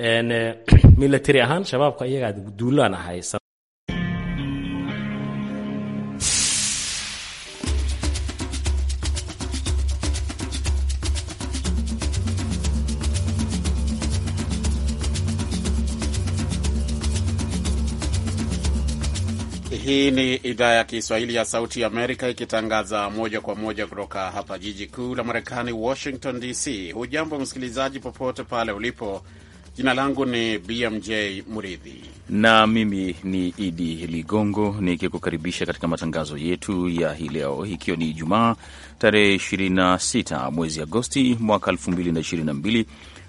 Uh, military ahaan shabaabka iyaga duulaan ahay Hii ni idhaa ya Kiswahili ya Sauti ya Amerika ikitangaza moja kwa moja kutoka hapa jiji kuu la Marekani, Washington DC. Hujambo msikilizaji, popote pale ulipo Jina langu ni BMJ Muridhi na mimi ni Idi Ligongo nikikukaribisha katika matangazo yetu ya hii leo, ikiwa ni Ijumaa tarehe 26 mwezi Agosti mwaka 2022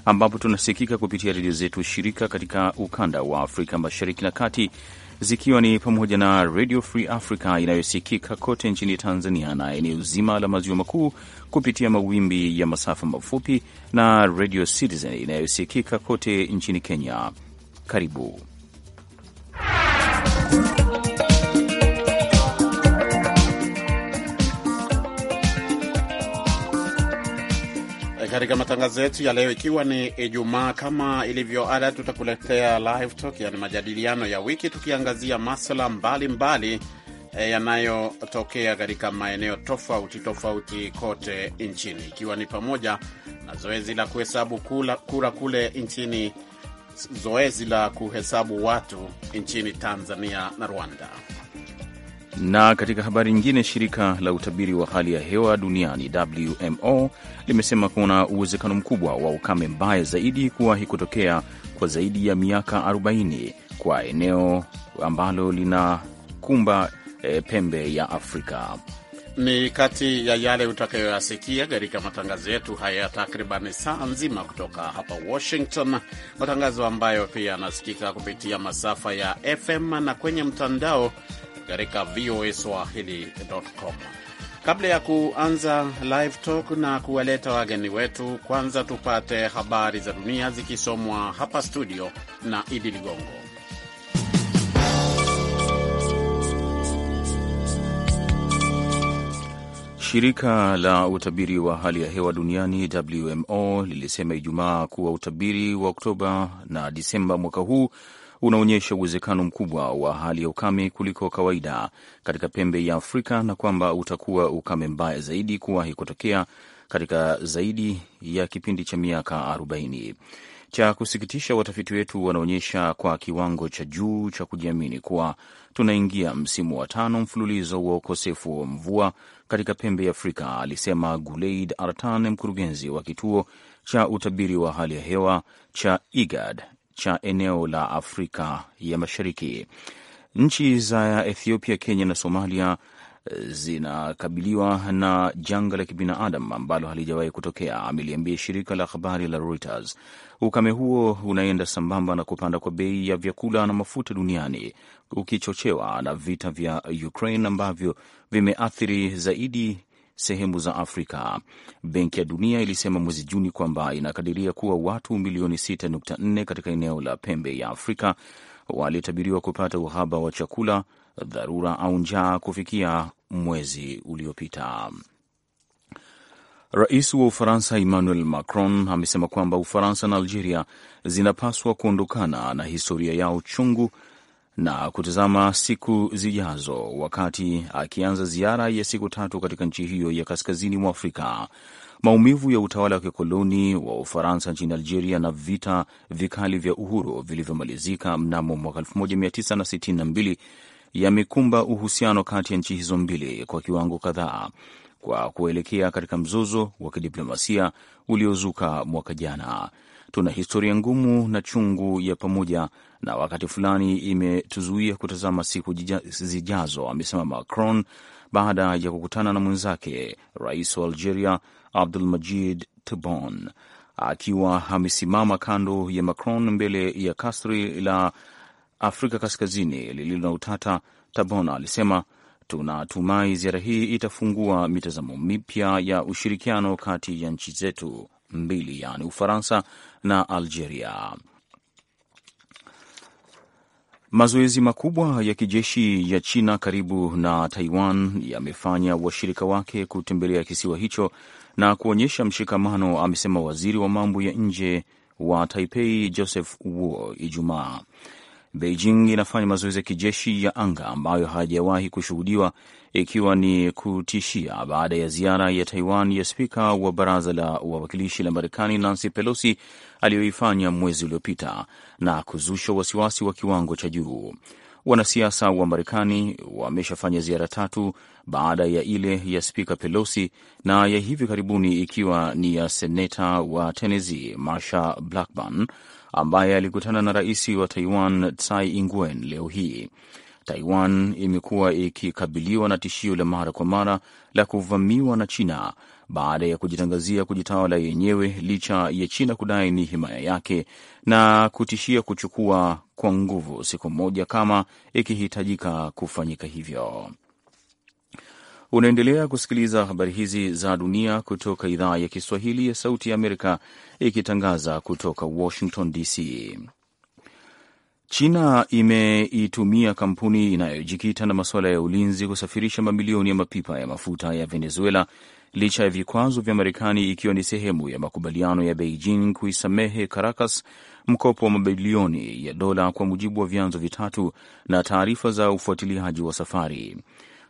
ambapo tunasikika kupitia redio zetu shirika katika ukanda wa Afrika Mashariki na Kati zikiwa ni pamoja na Radio Free Africa inayosikika kote nchini Tanzania na eneo zima la maziwa makuu kupitia mawimbi ya masafa mafupi na Radio Citizen inayosikika kote nchini Kenya. Karibu katika matangazo yetu ya leo, ikiwa ni Ijumaa, kama ilivyo ada, tutakuletea live talk, yani majadiliano ya wiki, tukiangazia maswala mbalimbali eh, yanayotokea katika maeneo tofauti tofauti kote nchini, ikiwa ni pamoja na zoezi la kuhesabu kula, kura kule nchini, zoezi la kuhesabu watu nchini Tanzania na Rwanda. Na katika habari nyingine, shirika la utabiri wa hali ya hewa duniani WMO limesema kuna uwezekano mkubwa wa ukame mbaya zaidi kuwahi kutokea kwa zaidi ya miaka 40 kwa eneo ambalo linakumba e, pembe ya Afrika. Ni kati ya yale utakayoyasikia katika matangazo yetu haya ya takriban saa nzima kutoka hapa Washington, matangazo ambayo pia yanasikika kupitia masafa ya FM na kwenye mtandao katika VOA Swahili.com. Kabla ya kuanza live talk na kuwaleta wageni wetu, kwanza tupate habari za dunia zikisomwa hapa studio na Idi Ligongo. Shirika la utabiri wa hali ya hewa duniani WMO lilisema Ijumaa kuwa utabiri wa Oktoba na Disemba mwaka huu unaonyesha uwezekano mkubwa wa hali ya ukame kuliko kawaida katika pembe ya Afrika na kwamba utakuwa ukame mbaya zaidi kuwahi kutokea katika zaidi ya kipindi cha miaka 40. Cha kusikitisha, watafiti wetu wanaonyesha kwa kiwango cha juu cha kujiamini kuwa tunaingia msimu wa tano mfululizo wa ukosefu wa mvua katika pembe ya Afrika, alisema Guleid Artan, mkurugenzi wa kituo cha utabiri wa hali ya hewa cha IGAD cha eneo la Afrika ya Mashariki. Nchi za Ethiopia, Kenya na Somalia eh, zinakabiliwa na janga la kibinadamu ambalo halijawahi kutokea, ameliambia shirika la habari la Reuters. Ukame huo unaenda sambamba na kupanda kwa bei ya vyakula na mafuta duniani, ukichochewa na vita vya Ukraine ambavyo vimeathiri zaidi sehemu za Afrika. Benki ya Dunia ilisema mwezi Juni kwamba inakadiria kuwa watu milioni 6.4 katika eneo la pembe ya Afrika walitabiriwa kupata uhaba wa chakula, dharura au njaa kufikia mwezi uliopita. Rais wa Ufaransa Emmanuel Macron amesema kwamba Ufaransa na Algeria zinapaswa kuondokana na historia yao chungu na kutazama siku zijazo, wakati akianza ziara ya siku tatu katika nchi hiyo ya kaskazini mwa Afrika. Maumivu ya utawala wa kikoloni wa Ufaransa nchini Algeria na vita vikali vya uhuru vilivyomalizika mnamo mwaka 1962 yamekumba uhusiano kati ya nchi hizo mbili kwa kiwango kadhaa, kwa kuelekea katika mzozo wa kidiplomasia uliozuka mwaka jana. Tuna historia ngumu na chungu ya pamoja, na wakati fulani imetuzuia kutazama siku zijazo, amesema Macron baada ya kukutana na mwenzake rais wa Algeria abdul Majid Tebboune. Akiwa amesimama kando ya Macron mbele ya kasri la Afrika Kaskazini lililo na utata, Tebboune alisema tunatumai ziara hii itafungua mitazamo mipya ya ushirikiano kati ya nchi zetu mbili, yaani Ufaransa na Algeria. Mazoezi makubwa ya kijeshi ya China karibu na Taiwan yamefanya washirika wake kutembelea kisiwa hicho na kuonyesha mshikamano, amesema waziri wa mambo ya nje wa Taipei Joseph Wu Ijumaa. Beijing inafanya mazoezi ya kijeshi ya anga ambayo hayajawahi kushuhudiwa ikiwa ni kutishia baada ya ziara ya Taiwan ya spika wa baraza la wawakilishi la Marekani Nancy Pelosi aliyoifanya mwezi uliopita na kuzusha wasiwasi wa kiwango cha juu. Wanasiasa wa Marekani wameshafanya ziara tatu baada ya ile ya spika Pelosi na ya hivi karibuni ikiwa ni ya seneta wa Tennessee Marsha Blackburn ambaye alikutana na rais wa Taiwan Tsai Ing-wen leo hii. Taiwan imekuwa ikikabiliwa na tishio la mara kwa mara la kuvamiwa na China baada ya kujitangazia kujitawala yenyewe licha ya China kudai ni himaya yake na kutishia kuchukua kwa nguvu siku moja kama ikihitajika kufanyika hivyo. Unaendelea kusikiliza habari hizi za dunia kutoka idhaa ya Kiswahili ya Sauti ya Amerika, ikitangaza kutoka Washington DC. China imeitumia kampuni inayojikita na masuala ya ulinzi kusafirisha mamilioni ya mapipa ya mafuta ya Venezuela licha ya vikwazo vya Marekani, ikiwa ni sehemu ya makubaliano ya Beijing kuisamehe Caracas mkopo wa mabilioni ya dola, kwa mujibu wa vyanzo vitatu na taarifa za ufuatiliaji wa safari.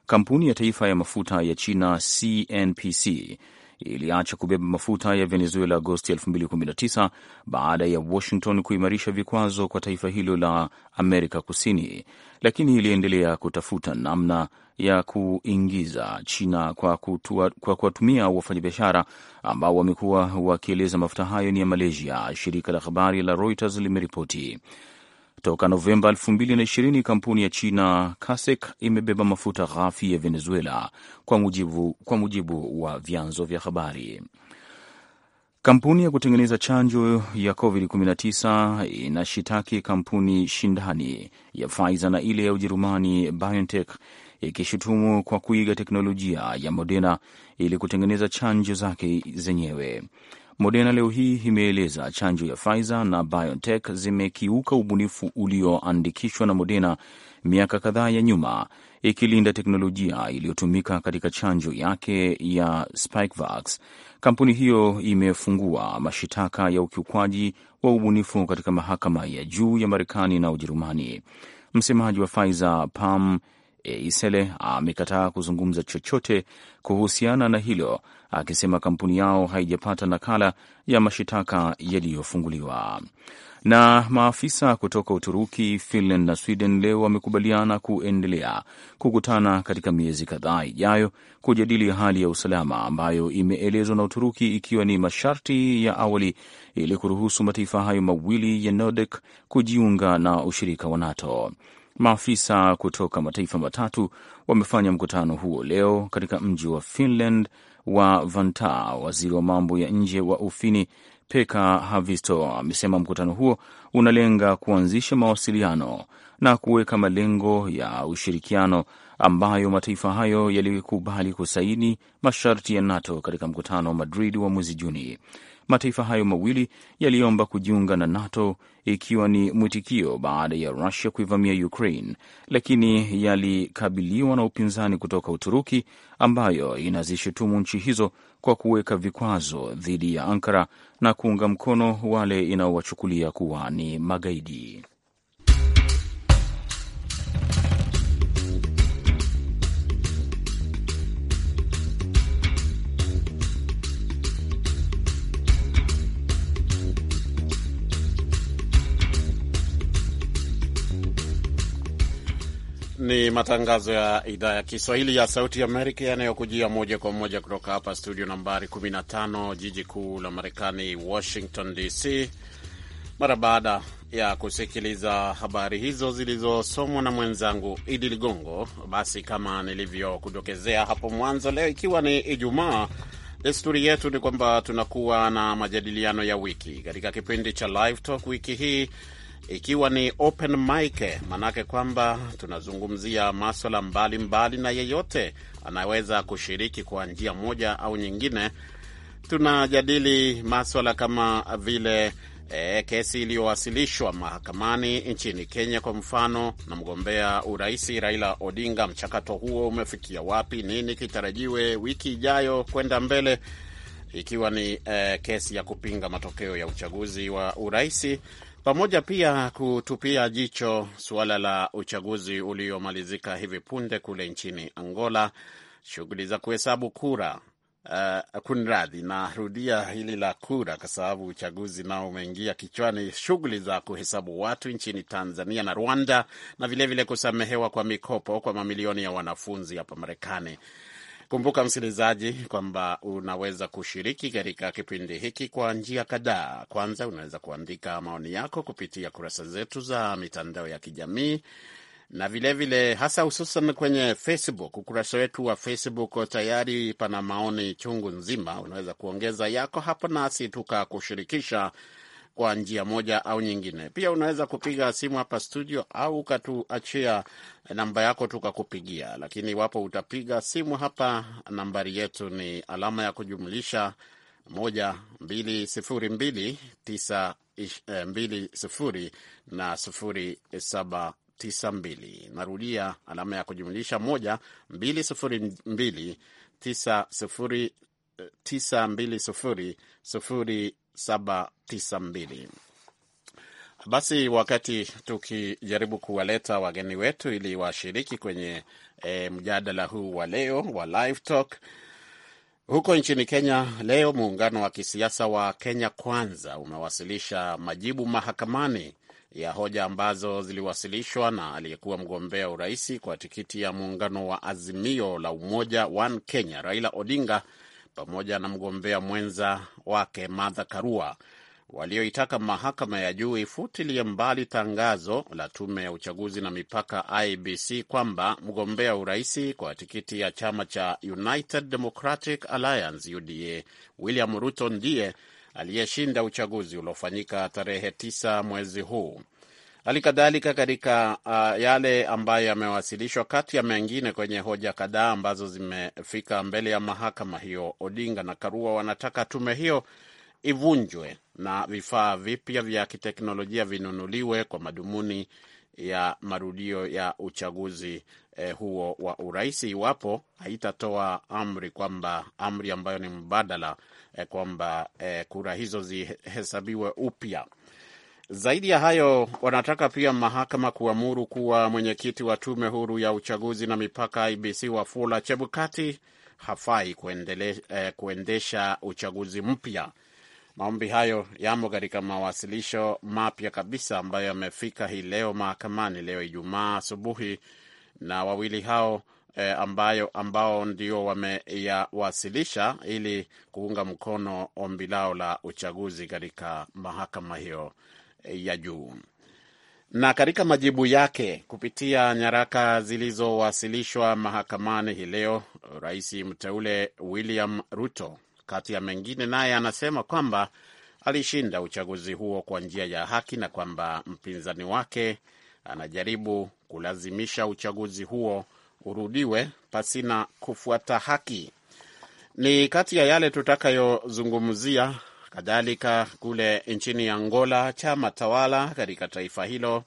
Kampuni ya taifa ya mafuta ya China CNPC iliacha kubeba mafuta ya Venezuela Agosti 2019 baada ya Washington kuimarisha vikwazo kwa taifa hilo la Amerika Kusini, lakini iliendelea kutafuta namna ya kuingiza China kwa kuwatumia kwa wafanyabiashara ambao wamekuwa wakieleza mafuta hayo ni ya Malaysia, shirika la habari la Reuters limeripoti. Toka Novemba 2020 kampuni ya China Kasek imebeba mafuta ghafi ya Venezuela kwa mujibu, kwa mujibu wa vyanzo vya habari. Kampuni ya kutengeneza chanjo ya COVID-19 inashitaki kampuni shindani ya Pfizer na ile ya Ujerumani BioNTech ikishutumu kwa kuiga teknolojia ya Moderna ili kutengeneza chanjo zake zenyewe. Moderna leo hii imeeleza chanjo ya Pfizer na BioNTech zimekiuka ubunifu ulioandikishwa na Moderna miaka kadhaa ya nyuma, ikilinda teknolojia iliyotumika katika chanjo yake ya Spikevax. Kampuni hiyo imefungua mashitaka ya ukiukwaji wa ubunifu katika mahakama ya juu ya Marekani na Ujerumani. Msemaji wa Pfizer Pam e, Isele amekataa kuzungumza chochote kuhusiana na hilo, akisema kampuni yao haijapata nakala ya mashitaka yaliyofunguliwa. Na maafisa kutoka Uturuki, Finland na Sweden leo wamekubaliana kuendelea kukutana katika miezi kadhaa ijayo kujadili hali ya usalama ambayo imeelezwa na Uturuki ikiwa ni masharti ya awali ili kuruhusu mataifa hayo mawili ya Nordic kujiunga na ushirika wa NATO. Maafisa kutoka mataifa matatu wamefanya mkutano huo leo katika mji wa Finland wa Vantaa. Waziri wa mambo ya nje wa Ufini Pekka Haavisto amesema mkutano huo unalenga kuanzisha mawasiliano na kuweka malengo ya ushirikiano ambayo mataifa hayo yalikubali kusaini masharti ya NATO katika mkutano wa Madrid wa mwezi Juni. Mataifa hayo mawili yaliomba kujiunga na NATO ikiwa ni mwitikio baada ya Rusia kuivamia Ukraine, lakini yalikabiliwa na upinzani kutoka Uturuki ambayo inazishutumu nchi hizo kwa kuweka vikwazo dhidi ya Ankara na kuunga mkono wale inaowachukulia kuwa ni magaidi. Ni matangazo ya idhaa ya Kiswahili ya Sauti Amerika yanayokujia moja kwa moja kutoka hapa studio nambari 15 jiji kuu la Marekani, Washington DC, mara baada ya kusikiliza habari hizo zilizosomwa na mwenzangu Idi Ligongo. Basi kama nilivyokudokezea hapo mwanzo, leo ikiwa ni Ijumaa, desturi yetu ni kwamba tunakuwa na majadiliano ya wiki katika kipindi cha Live Talk wiki hii ikiwa ni open mic, maanake kwamba tunazungumzia maswala mbalimbali na yeyote anaweza kushiriki kwa njia moja au nyingine. Tunajadili maswala kama vile E, kesi iliyowasilishwa mahakamani nchini Kenya kwa mfano na mgombea uraisi Raila Odinga, mchakato huo umefikia wapi? Nini kitarajiwe wiki ijayo kwenda mbele, ikiwa ni e, kesi ya kupinga matokeo ya uchaguzi wa uraisi pamoja pia kutupia jicho suala la uchaguzi uliomalizika hivi punde kule nchini Angola, shughuli za kuhesabu kura Uh, kunradhi, narudia hili la kura kwa sababu uchaguzi nao umeingia kichwani. Shughuli za kuhesabu watu nchini Tanzania na Rwanda na vilevile vile kusamehewa kwa mikopo kwa mamilioni ya wanafunzi hapa Marekani Kumbuka msikilizaji, kwamba unaweza kushiriki katika kipindi hiki kwa njia kadhaa. Kwanza, unaweza kuandika maoni yako kupitia kurasa zetu za mitandao ya kijamii na vilevile vile, hasa hususan kwenye Facebook. Ukurasa wetu wa Facebook tayari pana maoni chungu nzima, unaweza kuongeza yako hapo nasi tukakushirikisha kwa njia moja au nyingine. Pia unaweza kupiga simu hapa studio au ukatuachia namba yako tukakupigia, lakini iwapo utapiga simu hapa, nambari yetu ni alama ya kujumlisha moja mbili sifuri mbili tisa eh, mbili sifuri na sifuri saba tisa mbili. Narudia, alama ya kujumlisha moja mbili sifuri mbili tisa sifuri eh, tisa mbili sifuri sifuri 792. Basi wakati tukijaribu kuwaleta wageni wetu ili washiriki kwenye e, mjadala huu wa leo wa Live Talk huko nchini Kenya leo, muungano wa kisiasa wa Kenya Kwanza umewasilisha majibu mahakamani ya hoja ambazo ziliwasilishwa na aliyekuwa mgombea urais kwa tikiti ya muungano wa Azimio la Umoja One Kenya Raila Odinga pamoja na mgombea mwenza wake Martha Karua walioitaka mahakama ya juu ifutilie mbali tangazo la tume ya uchaguzi na mipaka IBC kwamba mgombea uraisi kwa tikiti ya chama cha United Democratic Alliance UDA William Ruto ndiye aliyeshinda uchaguzi uliofanyika tarehe 9 mwezi huu. Hali kadhalika katika uh, yale ambayo yamewasilishwa, kati ya mengine, kwenye hoja kadhaa ambazo zimefika mbele ya mahakama hiyo, Odinga na Karua wanataka tume hiyo ivunjwe na vifaa vipya vya kiteknolojia vinunuliwe kwa madhumuni ya marudio ya uchaguzi eh, huo wa urais, iwapo haitatoa amri kwamba amri ambayo ni mbadala eh, kwamba eh, kura hizo zihesabiwe upya. Zaidi ya hayo, wanataka pia mahakama kuamuru kuwa mwenyekiti wa tume huru ya uchaguzi na mipaka IBC Wafula Chebukati hafai kuendele, eh, kuendesha uchaguzi mpya. Maombi hayo yamo katika mawasilisho mapya kabisa ambayo yamefika hii leo mahakamani leo Ijumaa asubuhi na wawili hao eh, ambayo, ambao ndio wameyawasilisha ili kuunga mkono ombi lao la uchaguzi katika mahakama hiyo Eh, ya juu. Na katika majibu yake kupitia nyaraka zilizowasilishwa mahakamani hii leo, rais mteule William Ruto, kati ya mengine, naye anasema kwamba alishinda uchaguzi huo kwa njia ya haki na kwamba mpinzani wake anajaribu kulazimisha uchaguzi huo urudiwe pasina kufuata haki. Ni kati ya yale tutakayozungumzia Kadhalika kule nchini Angola, chama tawala katika taifa hilo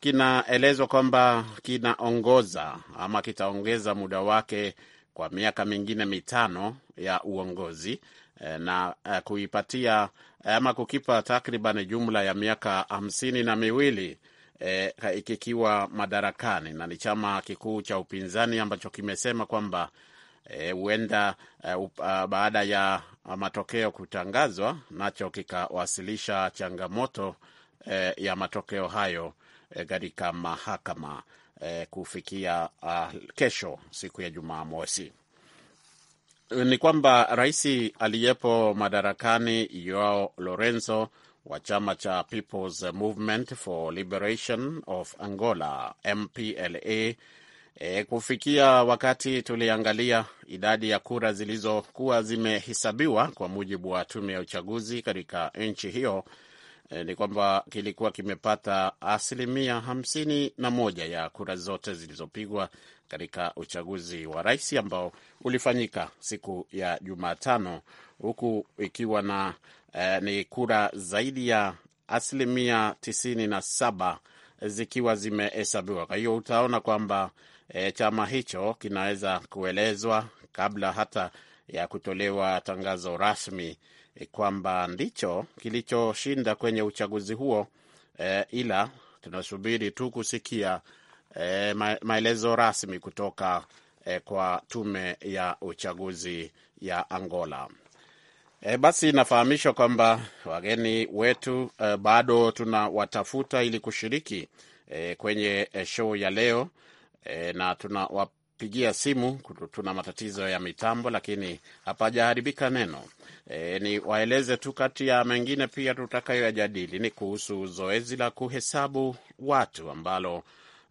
kinaelezwa kwamba kinaongoza ama kitaongeza muda wake kwa miaka mingine mitano ya uongozi eh, na eh, kuipatia eh, ama kukipa takriban jumla ya miaka hamsini na miwili e, kikiwa madarakani na ni chama kikuu cha upinzani ambacho kimesema kwamba E, huenda e, uh, baada ya matokeo kutangazwa nacho kikawasilisha changamoto e, ya matokeo hayo e, katika e, mahakama e, kufikia uh, kesho siku ya Jumamosi. Ni kwamba rais aliyepo madarakani Joao Lorenzo wa chama cha People's Movement for Liberation of Angola MPLA E, kufikia wakati tuliangalia idadi ya kura zilizokuwa zimehesabiwa kwa mujibu wa tume ya uchaguzi katika nchi hiyo e, ni kwamba kilikuwa kimepata asilimia hamsini na moja ya kura zote zilizopigwa katika uchaguzi wa rais ambao ulifanyika siku ya Jumatano, huku ikiwa na e, ni kura zaidi ya asilimia tisini na saba zikiwa zimehesabiwa. Kwa hiyo utaona kwamba e, chama hicho kinaweza kuelezwa kabla hata ya kutolewa tangazo rasmi e, kwamba ndicho kilichoshinda kwenye uchaguzi huo e, ila tunasubiri tu kusikia e, maelezo rasmi kutoka e, kwa tume ya uchaguzi ya Angola. E, basi inafahamishwa kwamba wageni wetu e, bado tunawatafuta ili kushiriki e, kwenye e, show ya leo e, na tunawapigia simu, tuna matatizo ya mitambo, lakini hapajaharibika neno. E, ni waeleze tu, kati ya mengine pia tutakayoyajadili ni kuhusu zoezi la kuhesabu watu ambalo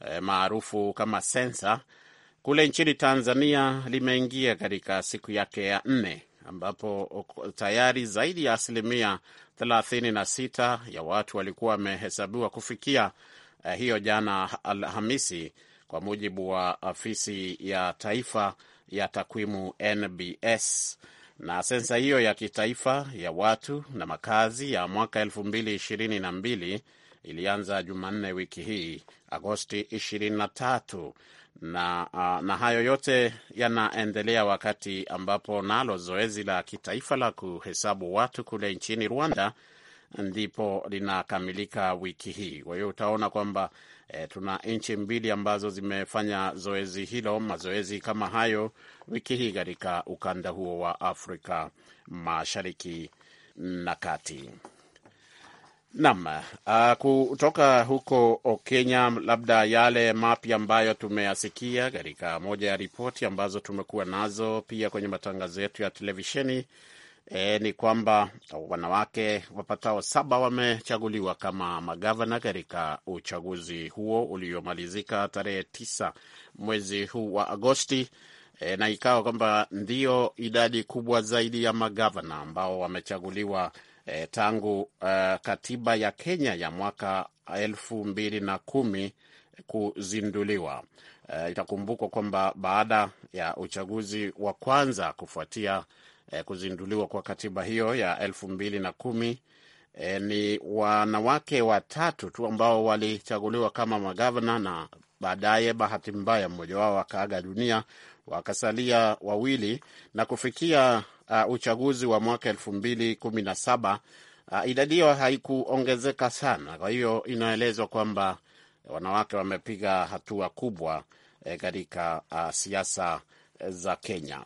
e, maarufu kama sensa kule nchini Tanzania limeingia katika siku yake ya nne ambapo tayari zaidi ya asilimia thelathini na sita ya watu walikuwa wamehesabiwa kufikia eh, hiyo jana Alhamisi, al kwa mujibu wa afisi ya taifa ya takwimu NBS. Na sensa hiyo ya kitaifa ya watu na makazi ya mwaka elfu ilianza Jumanne wiki hii Agosti 23 na, uh, na hayo yote yanaendelea wakati ambapo nalo zoezi la kitaifa la kuhesabu watu kule nchini Rwanda ndipo linakamilika wiki hii. Kwa hiyo utaona kwamba E, tuna nchi mbili ambazo zimefanya zoezi hilo, mazoezi kama hayo wiki hii katika ukanda huo wa Afrika Mashariki na Kati. Naam, uh, kutoka huko Kenya, labda yale mapya ambayo tumeyasikia katika moja ya ripoti ambazo tumekuwa nazo pia kwenye matangazo yetu ya televisheni e, ni kwamba wanawake wapatao saba wamechaguliwa kama magavana katika uchaguzi huo uliomalizika tarehe tisa mwezi huu wa Agosti. E, na ikawa kwamba ndiyo idadi kubwa zaidi ya magavana ambao wamechaguliwa e, tangu uh, katiba ya Kenya ya mwaka elfu mbili na kumi kuzinduliwa. E, itakumbukwa kwamba baada ya uchaguzi wa kwanza kufuatia eh, kuzinduliwa kwa katiba hiyo ya elfu mbili na kumi eh, ni wanawake watatu tu ambao walichaguliwa kama magavana na baadaye, bahati mbaya, mmoja wao akaaga dunia, wakasalia wawili na kufikia uh, uchaguzi wa mwaka elfu mbili kumi na saba uh, idadi hiyo haikuongezeka sana. Kwa hiyo inaelezwa kwamba wanawake wamepiga hatua kubwa eh, katika uh, siasa za Kenya.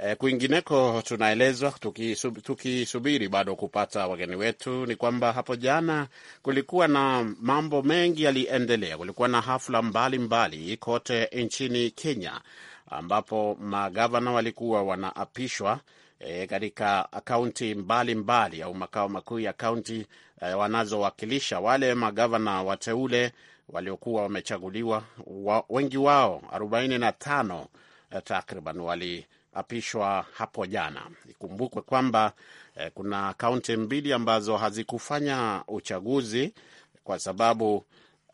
E, kwingineko tunaelezwa tukisubiri tuki bado kupata wageni wetu, ni kwamba hapo jana kulikuwa na mambo mengi yaliendelea. Kulikuwa na hafla mbalimbali mbali kote nchini Kenya ambapo magavana walikuwa wanaapishwa e, katika kaunti mbalimbali au makao makuu ya kaunti e, wanazowakilisha wale magavana wateule waliokuwa wamechaguliwa wa, wengi wao 45 takriban wali apishwa hapo jana. Ikumbukwe kwamba eh, kuna kaunti mbili ambazo hazikufanya uchaguzi kwa sababu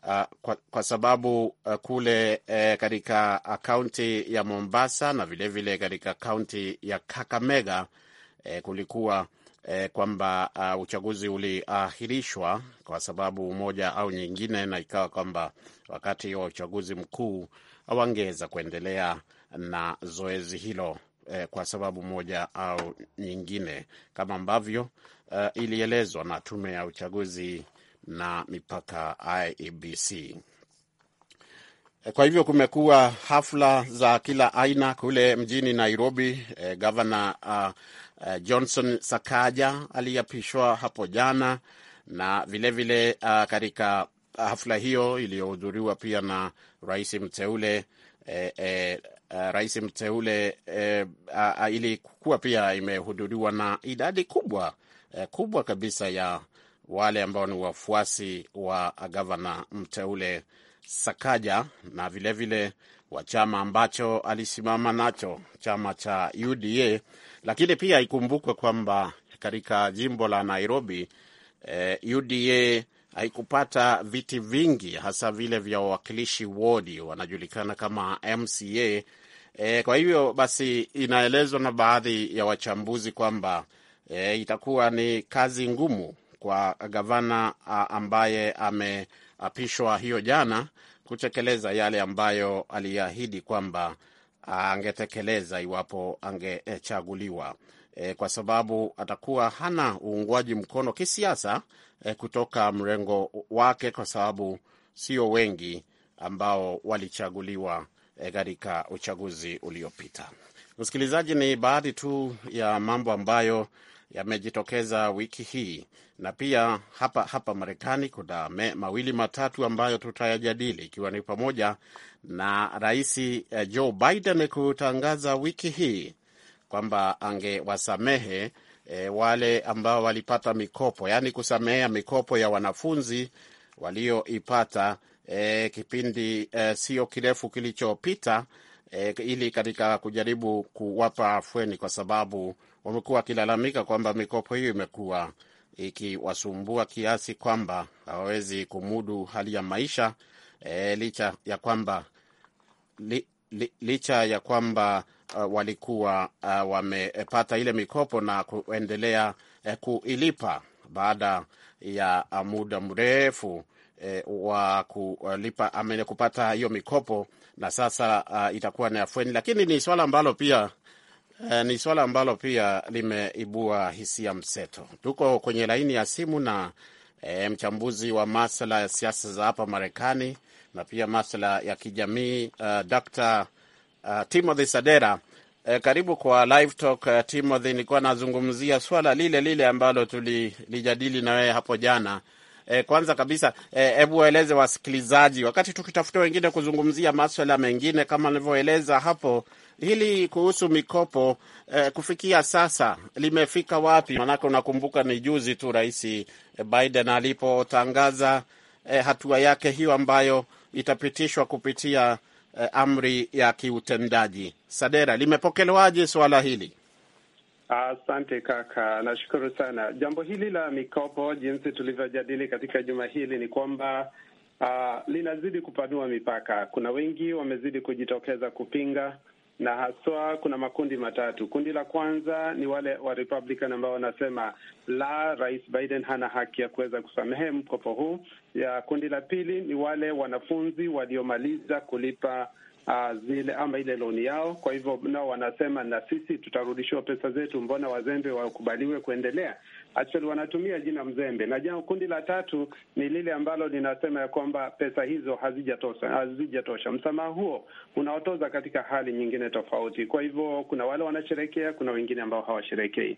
Uh, kwa, kwa sababu uh, kule eh, katika kaunti ya Mombasa na vilevile katika kaunti ya Kakamega eh, kulikuwa eh, kwamba uh, uchaguzi uliahirishwa kwa sababu moja au nyingine, na ikawa kwamba wakati wa uchaguzi mkuu hawangeweza kuendelea na zoezi hilo eh, kwa sababu moja au nyingine, kama ambavyo eh, ilielezwa na tume ya uchaguzi na mipaka IEBC. Kwa hivyo kumekuwa hafla za kila aina kule mjini Nairobi. Eh, gavana uh, Johnson Sakaja aliapishwa hapo jana, na vilevile vile, uh, katika hafla hiyo iliyohudhuriwa pia na rais mteule eh, eh, Eh, rais mteule uh, eh, uh, ilikuwa pia imehududiwa na idadi kubwa uh, kubwa kabisa ya wale ambao ni wafuasi wa gavana mteule Sakaja na vilevile vile wa chama ambacho alisimama nacho chama cha UDA. Lakini pia ikumbukwe kwamba katika jimbo la Nairobi eh, UDA haikupata viti vingi, hasa vile vya wawakilishi wodi, wanajulikana kama MCA. E, kwa hivyo basi inaelezwa na baadhi ya wachambuzi kwamba e, itakuwa ni kazi ngumu kwa gavana ambaye ameapishwa hiyo jana kutekeleza yale ambayo aliahidi kwamba angetekeleza iwapo angechaguliwa, e, kwa sababu atakuwa hana uungwaji mkono kisiasa eh, kutoka mrengo wake kwa sababu sio wengi ambao walichaguliwa eh, katika eh, uchaguzi uliopita. Msikilizaji, ni baadhi tu ya mambo ambayo yamejitokeza wiki hii, na pia hapa hapa Marekani kuna mawili matatu ambayo tutayajadili, ikiwa ni pamoja na Rais eh, Joe Biden kutangaza wiki hii kwamba angewasamehe e, wale ambao walipata mikopo, yaani kusamehea mikopo ya wanafunzi walioipata e, kipindi e, sio kirefu kilichopita e, ili katika kujaribu kuwapa afueni, kwa sababu wamekuwa wakilalamika kwamba mikopo hiyo imekuwa ikiwasumbua kiasi kwamba hawawezi kumudu hali ya maisha e, licha ya kwamba li, li, licha ya kwamba uh, walikuwa uh, wamepata ile mikopo na kuendelea uh, kuilipa baada ya uh, muda mrefu uh, wa kulipa amene kupata hiyo mikopo na sasa uh, itakuwa ni afueni, lakini ni swala ambalo pia uh, ni swala ambalo pia limeibua hisia mseto. Tuko kwenye laini ya simu na e, mchambuzi wa masuala ya siasa za hapa Marekani na pia masuala ya kijamii uh, Dr uh, Timothy Sadera. Eh, karibu kwa live talk uh, Timothy. Nilikuwa nazungumzia swala lile lile ambalo tulijadili na wewe hapo jana. Eh, kwanza kabisa uh, hebu eh, waeleze wasikilizaji, wakati tukitafuta wengine kuzungumzia maswala mengine kama nilivyoeleza hapo, hili kuhusu mikopo eh, kufikia sasa limefika wapi? Maanake unakumbuka ni juzi tu Rais Biden alipotangaza eh, hatua yake hiyo ambayo itapitishwa kupitia eh, amri ya kiutendaji. Sadera, limepokelewaje suala hili? Asante kaka, nashukuru sana. Jambo hili la mikopo, jinsi tulivyojadili katika juma hili, ni kwamba uh, linazidi kupanua mipaka. Kuna wengi wamezidi kujitokeza kupinga na haswa kuna makundi matatu. Kundi la kwanza ni wale wa Republican ambao wanasema la, Rais Biden hana haki ya kuweza kusamehe mkopo huu. Ya kundi la pili ni wale wanafunzi waliomaliza kulipa Uh, zile ama ile loni yao. Kwa hivyo nao wanasema na sisi tutarudishiwa pesa zetu, mbona wazembe wakubaliwe kuendelea? actually wanatumia jina mzembe. Na jambo kundi la tatu ni lile ambalo linasema ya kwamba pesa hizo hazijatosha, hazijatosha. Msamaha huo unaotoza katika hali nyingine tofauti. Kwa hivyo kuna wale wanasherekea, kuna wengine ambao hawasherekei.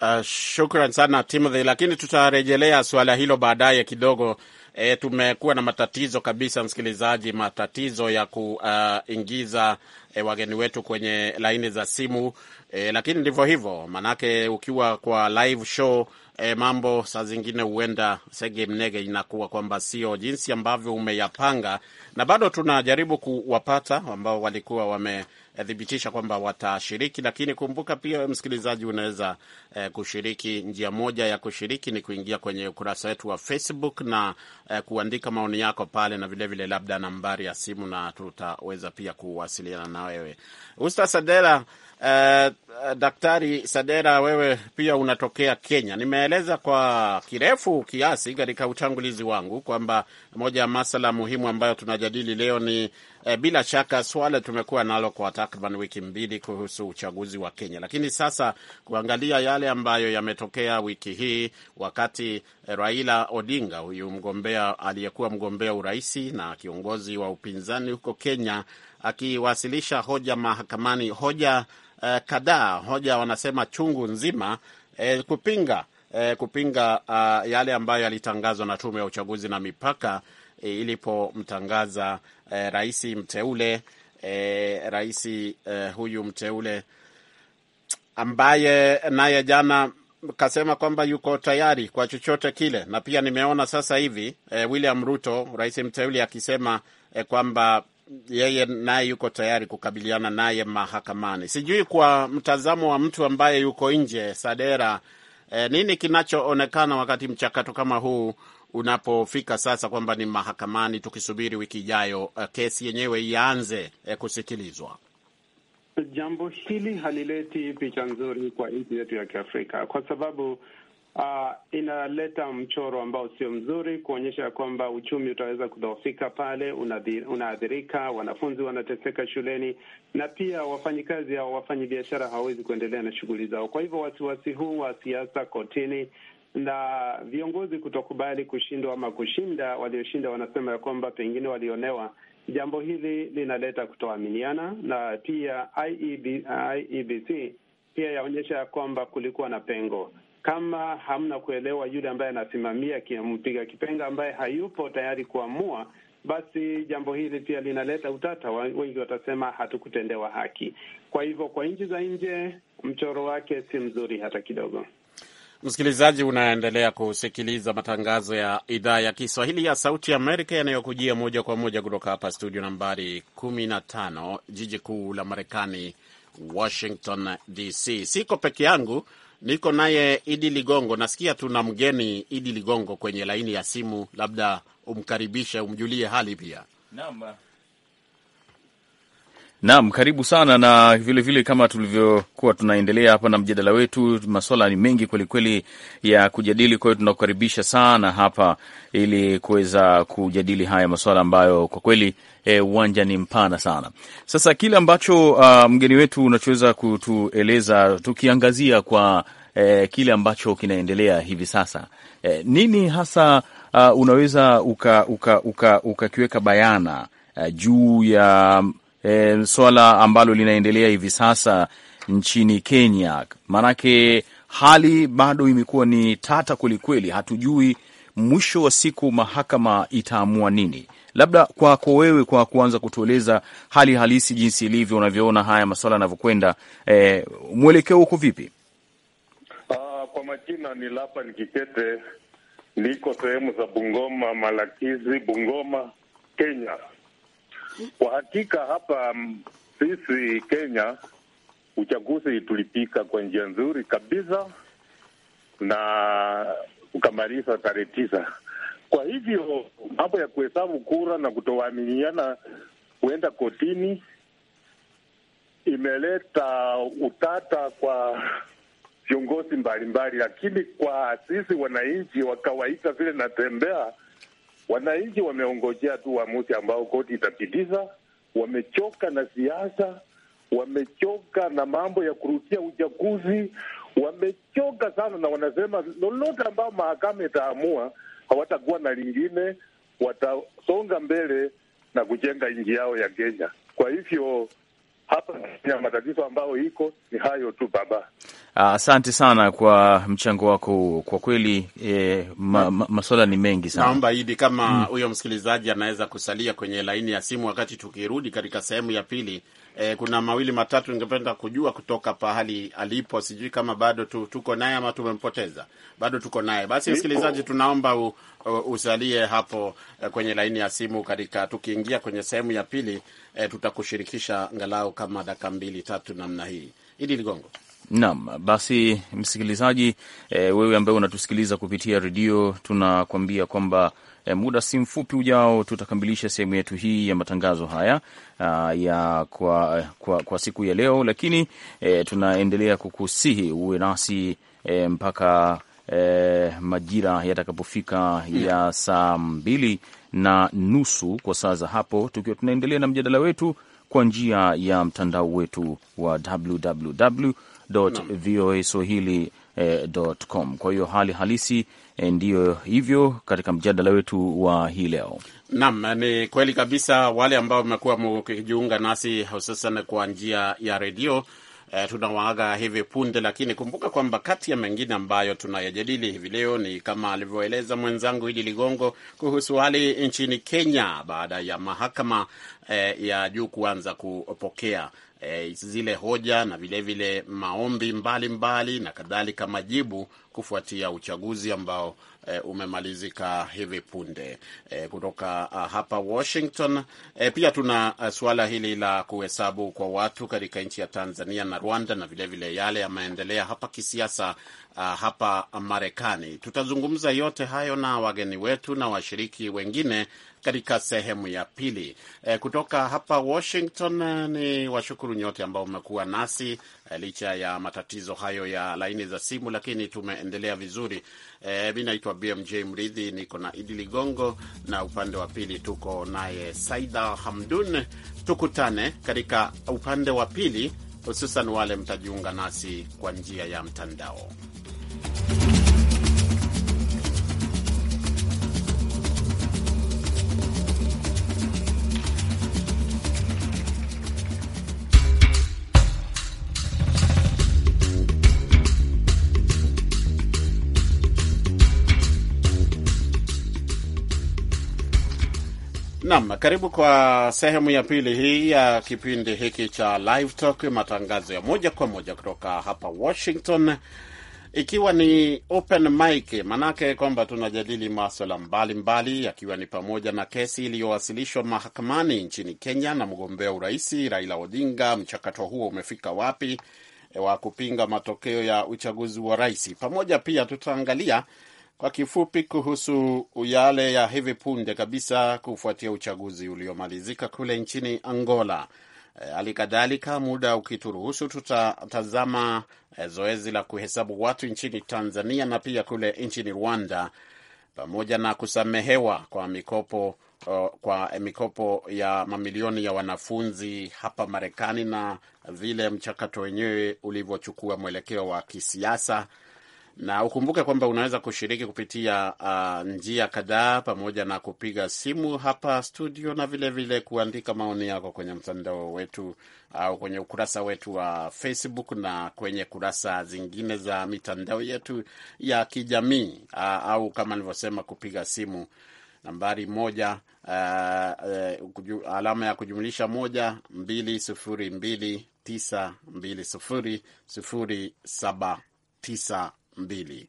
Uh, shukran sana Timothy, lakini tutarejelea suala hilo baadaye kidogo. E, tumekuwa na matatizo kabisa, msikilizaji, matatizo ya kuingiza uh, e, wageni wetu kwenye laini za simu e, lakini ndivyo hivyo, manake ukiwa kwa live show e, mambo saa zingine huenda sege mnege inakuwa kwamba sio jinsi ambavyo umeyapanga, na bado tunajaribu kuwapata ambao walikuwa wamethibitisha kwamba watashiriki. Lakini kumbuka pia, msikilizaji, unaweza eh, kushiriki. Njia moja ya kushiriki ni kuingia kwenye ukurasa wetu wa Facebook na eh, kuandika maoni yako pale, na vilevile vile labda nambari ya simu, na tutaweza pia kuwasiliana na wewe Usta Sadela. Uh, Daktari Sadera, wewe pia unatokea Kenya. Nimeeleza kwa kirefu kiasi katika utangulizi wangu kwamba moja ya masala muhimu ambayo tunajadili leo ni eh, bila shaka swala tumekuwa nalo kwa takriban wiki mbili kuhusu uchaguzi wa Kenya, lakini sasa kuangalia yale ambayo yametokea wiki hii wakati eh, Raila Odinga huyu mgombea aliyekuwa mgombea uraisi na kiongozi wa upinzani huko Kenya akiwasilisha hoja mahakamani, hoja eh, kadhaa hoja wanasema chungu nzima eh, kupinga eh, kupinga uh, yale ambayo yalitangazwa na tume ya uchaguzi na mipaka eh, ilipomtangaza eh, rais mteule eh, rais eh, huyu mteule ambaye naye jana kasema kwamba yuko tayari kwa chochote kile, na pia nimeona sasa hivi eh, William Ruto rais mteuli akisema eh, kwamba yeye naye yuko tayari kukabiliana naye mahakamani. Sijui kwa mtazamo wa mtu ambaye yuko nje, Sadera, e, nini kinachoonekana wakati mchakato kama huu unapofika sasa kwamba ni mahakamani, tukisubiri wiki ijayo eh, kesi yenyewe ianze e, kusikilizwa? Jambo hili halileti picha nzuri kwa nchi yetu ya Kiafrika kwa sababu uh, inaleta mchoro ambao sio mzuri kuonyesha kwamba uchumi utaweza kudhoofika pale, unaathirika, wanafunzi wanateseka shuleni, na pia wafanyikazi au wafanyi biashara hawawezi kuendelea na shughuli zao. Kwa hivyo wasiwasi huu wa siasa kotini na viongozi kutokubali kushindwa ama kushinda, walioshinda wanasema ya kwamba pengine walionewa. Jambo hili linaleta kutoaminiana, na pia IEB, IEBC pia yaonyesha ya kwamba kulikuwa na pengo kama hamna kuelewa yule ambaye anasimamia mpiga kipenga ambaye hayupo tayari kuamua, basi jambo hili pia linaleta utata. Wengi watasema hatukutendewa haki. Kwa hivyo, kwa nchi za nje, mchoro wake si mzuri hata kidogo. Msikilizaji, unaendelea kusikiliza matangazo ya idhaa ya Kiswahili ya Sauti Amerika yanayokujia moja kwa moja kutoka hapa studio nambari 15 jiji kuu la Marekani, Washington DC. Siko peke yangu Niko naye Idi Ligongo, nasikia tuna mgeni Idi Ligongo kwenye laini ya simu, labda umkaribishe, umjulie hali pia. Naam, Naam, karibu sana na vilevile vile, kama tulivyokuwa tunaendelea hapa na mjadala wetu, maswala ni mengi kwelikweli ya kujadili. Kwa hiyo tunakukaribisha sana hapa ili kuweza kujadili haya maswala ambayo kwa kweli eh, uwanja e, ni mpana sana. Sasa kile ambacho uh, mgeni wetu unachoweza kutueleza tukiangazia kwa E, kile ambacho kinaendelea hivi sasa e, nini hasa uh, unaweza ukakiweka uka, uka, uka bayana uh, juu ya e, swala ambalo linaendelea hivi sasa nchini Kenya, maanake hali bado imekuwa ni tata kwelikweli, hatujui mwisho wa siku mahakama itaamua nini. Labda kwako wewe, kwa kuanza kutueleza hali halisi jinsi ilivyo, unavyoona haya masuala yanavyokwenda, e, mwelekeo uko vipi? Uh, kwa majina ni Lapa Nikikete, niko sehemu za Bungoma, Malakizi, Bungoma, Kenya. Kwa hakika hapa mm, sisi Kenya uchaguzi tulipika kwa njia nzuri kabisa na ukamaliza tarehe tisa. Kwa hivyo mambo ya kuhesabu kura na kutoaminiana kuenda kotini imeleta utata kwa viongozi mbalimbali, lakini kwa sisi wananchi wa kawaida, vile natembea Wananchi wameongojea tu uamuzi ambao koti itapitiza. Wamechoka na siasa, wamechoka na mambo ya kurudia uchaguzi, wamechoka sana, na wanasema lolote ambao mahakama itaamua hawatakuwa na lingine, watasonga mbele na kujenga nchi yao ya Kenya. Kwa hivyo hapa na matatizo ambayo iko ni hayo tu baba. Ah, asante uh, sana kwa mchango wako kwa kweli eh, ma, ma, masuala ni mengi sana. Naomba Idi kama mm. huyo mm, msikilizaji anaweza kusalia kwenye laini ya simu wakati tukirudi katika sehemu ya pili eh, kuna mawili matatu ningependa kujua kutoka pahali alipo. Sijui kama bado tu, tuko naye ama tumempoteza. Bado tuko naye. Basi msikilizaji, tunaomba u, u, usalie hapo eh, kwenye laini ya simu. Katika tukiingia kwenye sehemu ya pili eh, tutakushirikisha angalau kama dakika mbili tatu namna hii. Idi Ligongo. Naam, basi msikilizaji, eh, wewe ambaye unatusikiliza kupitia redio, tunakwambia kwamba Eh, muda si mfupi ujao tutakamilisha sehemu yetu hii ya matangazo haya ah, ya kwa, eh, kwa, kwa siku ya leo, lakini e, tunaendelea kukusihi uwe nasi e, mpaka e, majira yatakapofika ya saa mbili na nusu kwa saa za hapo, tukiwa tunaendelea na mjadala wetu kwa njia ya mtandao wetu wa www voa Kwa hiyo hali halisi Eh, ndiyo hivyo katika mjadala wetu wa hii leo. Naam, ni kweli kabisa. Wale ambao mmekuwa mkijiunga nasi hususan kwa njia ya redio e, tunawaaga hivi punde, lakini kumbuka kwamba kati ya mengine ambayo tunayajadili hivi leo ni kama alivyoeleza mwenzangu Idi Ligongo kuhusu hali nchini Kenya baada ya mahakama e, ya juu kuanza kupokea e, zile hoja na vilevile vile maombi mbalimbali mbali, na kadhalika majibu kufuatia uchaguzi ambao e, umemalizika hivi punde. E, kutoka a, hapa Washington e, pia tuna a, suala hili la kuhesabu kwa watu katika nchi ya Tanzania na Rwanda na vilevile vile yale yameendelea hapa kisiasa a, hapa Marekani. Tutazungumza yote hayo na wageni wetu na washiriki wengine katika sehemu ya pili. E, kutoka hapa Washington e, ni washukuru nyote ambao mmekuwa nasi e, licha ya matatizo hayo ya laini za simu, lakini tumeendelea vizuri. E, mi naitwa BMJ Mridhi, niko na Idi Ligongo na upande wa pili tuko naye Saida Hamdun. Tukutane katika upande wa pili, hususan wale mtajiunga nasi kwa njia ya mtandao. Naam, karibu kwa sehemu ya pili hii ya kipindi hiki cha Live Talk, matangazo ya moja kwa moja kutoka hapa Washington, ikiwa ni open mic, maanake kwamba tunajadili maswala mbalimbali, yakiwa ni pamoja na kesi iliyowasilishwa mahakamani nchini Kenya na mgombea urais Raila Odinga, mchakato huo umefika wapi wa kupinga matokeo ya uchaguzi wa rais. Pamoja pia tutaangalia kwa kifupi kuhusu yale ya hivi punde kabisa kufuatia uchaguzi uliomalizika kule nchini Angola. Eh, hali e, kadhalika muda ukituruhusu, tutatazama e, zoezi la kuhesabu watu nchini Tanzania na pia kule nchini Rwanda, pamoja na kusamehewa kwa mikopo kwa mikopo ya mamilioni ya wanafunzi hapa Marekani na vile mchakato wenyewe ulivyochukua mwelekeo wa kisiasa na ukumbuke kwamba unaweza kushiriki kupitia uh, njia kadhaa pamoja na kupiga simu hapa studio na vilevile vile kuandika maoni yako kwenye mtandao wetu au uh, kwenye ukurasa wetu wa Facebook na kwenye kurasa zingine za mitandao yetu ya kijamii uh, au kama nilivyosema kupiga simu nambari moja uh, uh, alama ya kujumlisha moja mbili sufuri mbili tisa mbili sufuri sufuri saba tisa mbili.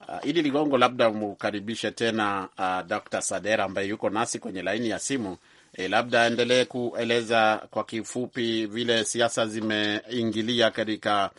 Uh, ili Ligongo, labda mukaribishe tena uh, Dr. Sadera ambaye yuko nasi kwenye laini ya simu. E, labda aendelee kueleza kwa kifupi vile siasa zimeingilia katika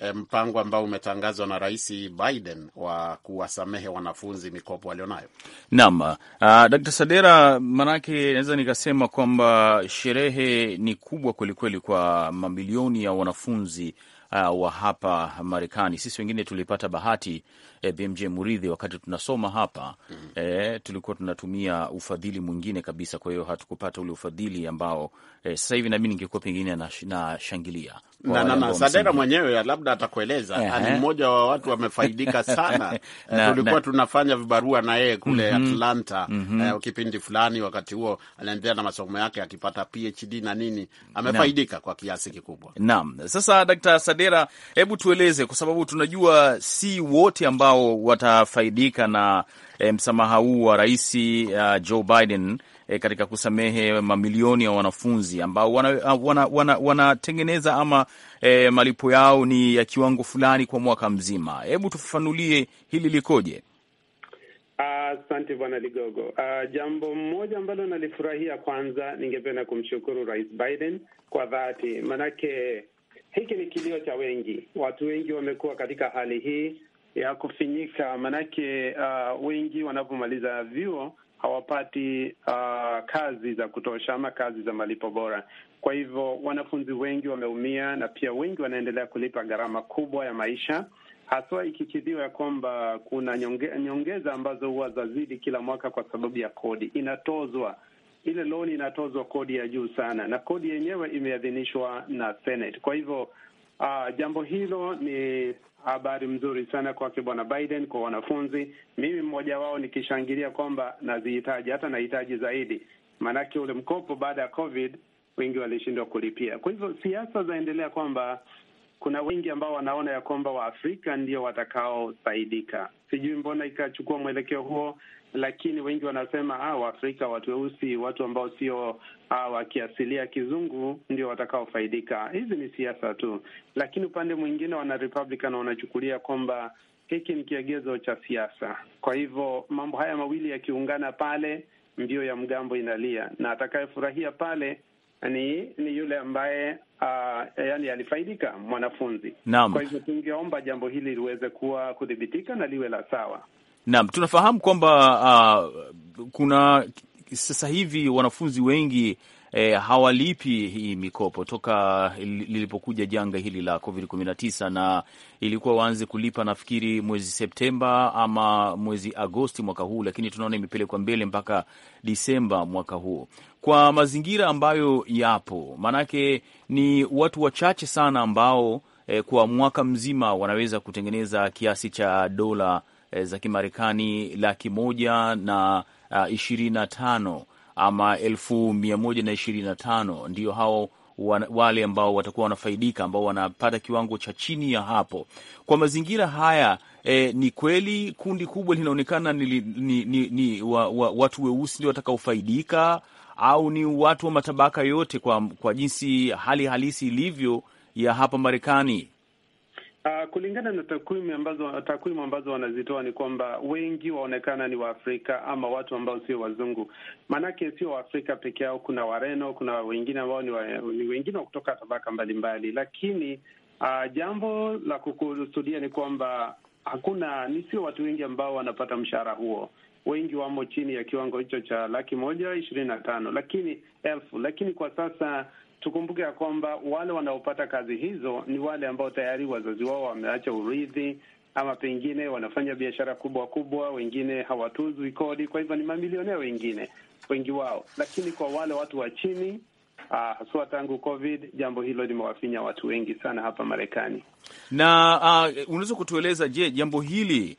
e, mpango ambao umetangazwa na Rais Biden wa kuwasamehe wanafunzi mikopo walionayo. Naam, uh, Dr. Sadera, maanake naweza nikasema kwamba sherehe ni kubwa kwelikweli kwa mamilioni ya wanafunzi uh, wa hapa Marekani. Sisi wengine tulipata bahati eh, BMJ Muridhi, wakati tunasoma hapa mm. eh, tulikuwa tunatumia ufadhili mwingine kabisa, kwa hiyo hatukupata ule ufadhili ambao eh, sasa hivi nami ningekuwa pengine nashangilia na, na, na, Sadera mwenyewe labda atakueleza uh -huh. Ni mmoja wa watu wamefaidika sana na, eh, tulikuwa na, tunafanya vibarua na yeye kule mm -hmm, Atlanta mm -hmm. Eh, kipindi fulani wakati huo aliendelea na masomo yake akipata PhD na nini, amefaidika na, kwa kiasi kikubwa. Naam, sasa Dr. Kadera, hebu tueleze, kwa sababu tunajua si wote ambao watafaidika na e, msamaha huu wa Rais uh, Joe Biden e, katika kusamehe mamilioni ya wanafunzi ambao wanatengeneza wana, wana, wana ama e, malipo yao ni ya kiwango fulani kwa mwaka mzima. Hebu tufafanulie hili likoje? Asante uh, bwana Ligogo. Uh, jambo mmoja ambalo nalifurahia, kwanza ningependa kumshukuru Rais Biden kwa dhati, manake hiki ni kilio cha wengi. Watu wengi wamekuwa katika hali hii ya kufinyika, maanake uh, wengi wanapomaliza vyuo hawapati uh, kazi za kutosha ama kazi za malipo bora. Kwa hivyo wanafunzi wengi wameumia, na pia wengi wanaendelea kulipa gharama kubwa ya maisha, haswa ikikidhiwa ya kwamba kuna nyonge, nyongeza ambazo huwa zazidi kila mwaka kwa sababu ya kodi inatozwa ile loni inatozwa kodi ya juu sana, na kodi yenyewe imeadhinishwa na Senate. Kwa hivyo uh, jambo hilo ni habari mzuri sana kwake Bwana Biden, kwa wanafunzi. Mimi mmoja wao nikishangilia kwamba nazihitaji, hata nahitaji zaidi, maanake ule mkopo baada ya COVID wengi walishindwa kulipia. Kwa hivyo siasa zaendelea kwamba kuna wengi ambao wanaona ya kwamba Waafrika ndio watakaosaidika. Sijui mbona ikachukua mwelekeo huo, lakini wengi wanasema ah, Waafrika, watu weusi, watu ambao sio ah, wakiasilia kizungu ndio watakaofaidika. Hizi ni siasa tu, lakini upande mwingine wana Republican wanachukulia kwamba hiki ni kiegezo cha siasa. Kwa hivyo mambo haya mawili yakiungana pale, mbio ya mgambo inalia, na atakayefurahia pale ni ni yule ambaye uh, yani alifaidika mwanafunzi. Naam. Kwa hivyo tungeomba jambo hili liweze kuwa kudhibitika na liwe la sawa. Naam, tunafahamu kwamba uh, kuna sasa hivi wanafunzi wengi e, hawalipi hii mikopo toka lilipokuja janga hili la Covid 19 na ilikuwa waanze kulipa nafikiri mwezi Septemba ama mwezi Agosti mwaka huu, lakini tunaona imepelekwa mbele mpaka Disemba mwaka huu kwa mazingira ambayo yapo, maanake ni watu wachache sana ambao e, kwa mwaka mzima wanaweza kutengeneza kiasi cha dola e, za Kimarekani laki moja na ishirini na tano ama elfu mia moja na ishirini na tano ndio hao wale ambao watakuwa wanafaidika, ambao wanapata kiwango cha chini ya hapo. Kwa mazingira haya e, ni kweli kundi kubwa linaonekana ni, ni, ni, ni wa, wa, watu weusi ndio watakaofaidika au ni watu wa matabaka yote, kwa, kwa jinsi hali halisi ilivyo ya hapa Marekani? Uh, kulingana na takwimu ambazo takwimu ambazo wanazitoa ni kwamba wengi waonekana ni Waafrika ama watu ambao sio wazungu. Maanake sio Waafrika peke yao, kuna Wareno, kuna wengine ambao ni, wa, ni wengine wa kutoka tabaka mbalimbali, lakini uh, jambo la kukusudia ni kwamba hakuna ni sio watu wengi ambao wanapata mshahara huo wengi wamo chini ya kiwango hicho cha laki moja ishirini na tano lakini elfu. Lakini kwa sasa tukumbuke ya kwamba wale wanaopata kazi hizo ni wale ambao tayari wazazi wao wameacha urithi ama pengine wanafanya biashara kubwa kubwa, wengine hawatuzwi kodi, kwa hivyo ni mamilionea wengine, wengi wao. Lakini kwa wale watu wa chini ah, haswa, uh, tangu COVID jambo hilo limewafinya watu wengi sana hapa Marekani. Na uh, unaweza kutueleza, je, jambo hili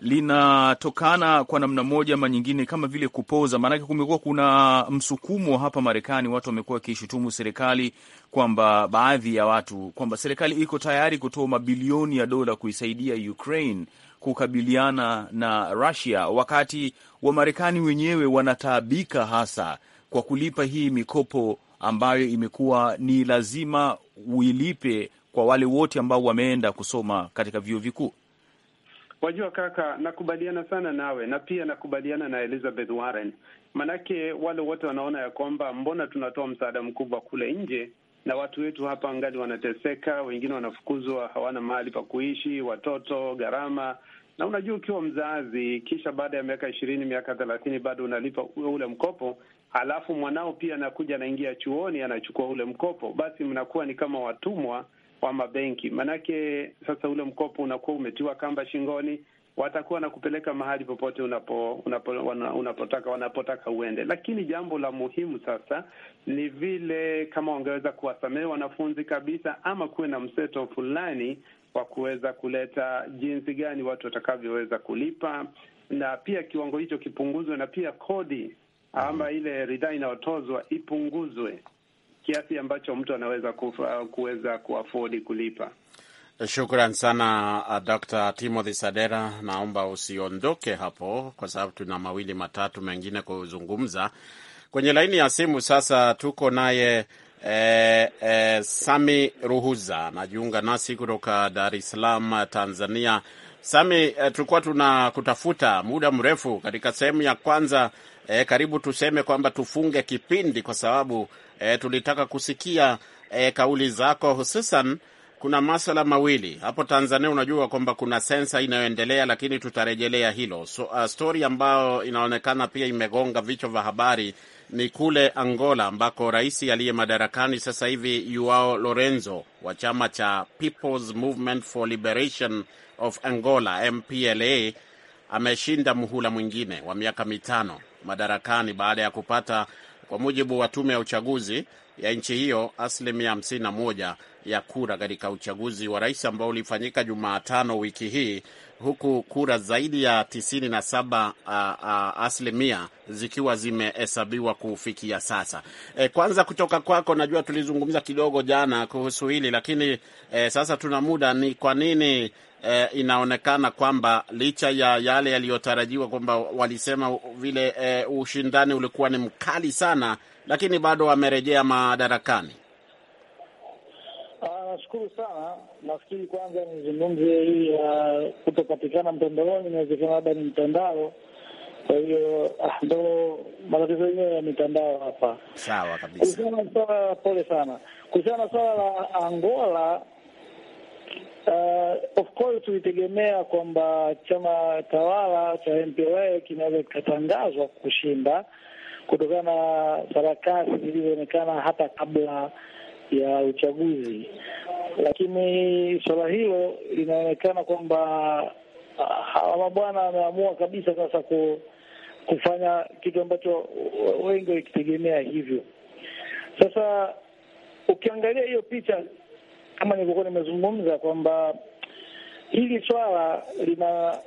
linatokana kwa namna moja ama nyingine kama vile kupoza. Maanake kumekuwa kuna msukumo hapa Marekani, watu wamekuwa wakishutumu serikali kwamba, baadhi ya watu kwamba serikali iko tayari kutoa mabilioni ya dola kuisaidia Ukraine kukabiliana na Russia, wakati wa Marekani wenyewe wanataabika hasa kwa kulipa hii mikopo ambayo imekuwa ni lazima uilipe kwa wale wote ambao wameenda kusoma katika vyuo vikuu. Wajua kaka, nakubaliana sana nawe na pia nakubaliana na Elizabeth Warren, manake wale wote wanaona ya kwamba mbona tunatoa msaada mkubwa kule nje na watu wetu hapa ngali wanateseka, wengine wanafukuzwa, hawana mahali pa kuishi, watoto, gharama. Na unajua ukiwa mzazi, kisha baada ya miaka ishirini, miaka thelathini, bado unalipa ule mkopo, alafu mwanao pia anakuja anaingia chuoni, anachukua ule mkopo, basi mnakuwa ni kama watumwa wa mabenki, manake sasa ule mkopo unakuwa umetiwa kamba shingoni, watakuwa na kupeleka mahali popote unapo, unapo, unapotaka wanapotaka uende. Lakini jambo la muhimu sasa ni vile kama wangeweza kuwasamehe wanafunzi kabisa, ama kuwe na mseto fulani wa kuweza kuleta jinsi gani watu watakavyoweza kulipa, na pia kiwango hicho kipunguzwe, na pia kodi ama mm-hmm. ile ridhaa inayotozwa ipunguzwe kiasi ambacho mtu anaweza kuweza kuafodi kulipa. Shukran sana uh, Dr. Timothy Sadera, naomba usiondoke hapo kwa sababu tuna mawili matatu mengine kuzungumza kwenye laini ya simu. Sasa tuko naye e, e, Sami Ruhuza anajiunga nasi kutoka Dar es Salaam, Tanzania. Sami, e, tulikuwa tuna kutafuta muda mrefu katika sehemu ya kwanza. e, karibu tuseme kwamba tufunge kipindi kwa sababu e, tulitaka kusikia e, kauli zako, hususan kuna maswala mawili hapo Tanzania. Unajua kwamba kuna sensa inayoendelea, lakini tutarejelea hilo. So, uh, stori ambayo inaonekana pia imegonga vichwa vya habari ni kule Angola ambako rais aliye madarakani sasa hivi yuao Lorenzo wa chama cha People's Movement for Liberation of Angola MPLA ameshinda muhula mwingine wa miaka mitano madarakani baada ya kupata kwa mujibu wa tume ya uchaguzi ya nchi hiyo, asilimia 51 ya kura katika uchaguzi wa rais ambao ulifanyika Jumatano wiki hii, huku kura zaidi ya 97 asilimia zikiwa zimehesabiwa kufikia sasa. E, kwanza kutoka kwako, najua tulizungumza kidogo jana kuhusu hili lakini e, sasa tuna muda, ni kwa nini eh, inaonekana kwamba licha ya yale yaliyotarajiwa kwamba walisema vile eh, ushindani ulikuwa ni mkali sana, lakini bado wamerejea madarakani. Ah, nashukuru sana. Nafikiri kwanza nizungumze hii ya uh, kutopatikana mtandaoni. Inawezekana labda ni mtandao, kwa hiyo ah, ndo matatizo yenyewe ya mitandao hapa. Sawa kabisa. Kuhusiana na swala, pole sana, kuhusiana na swala la Angola hiyo tulitegemea kwamba chama tawala cha MPLA kinaweza kikatangazwa kushinda kutokana na sarakasi zilizoonekana hata kabla ya uchaguzi, lakini suala hilo linaonekana kwamba ah, hawa mabwana wameamua kabisa sasa ku, kufanya kitu ambacho wengi walikitegemea hivyo. Sasa ukiangalia hiyo picha, kama nilivyokuwa nimezungumza kwamba hili swala lina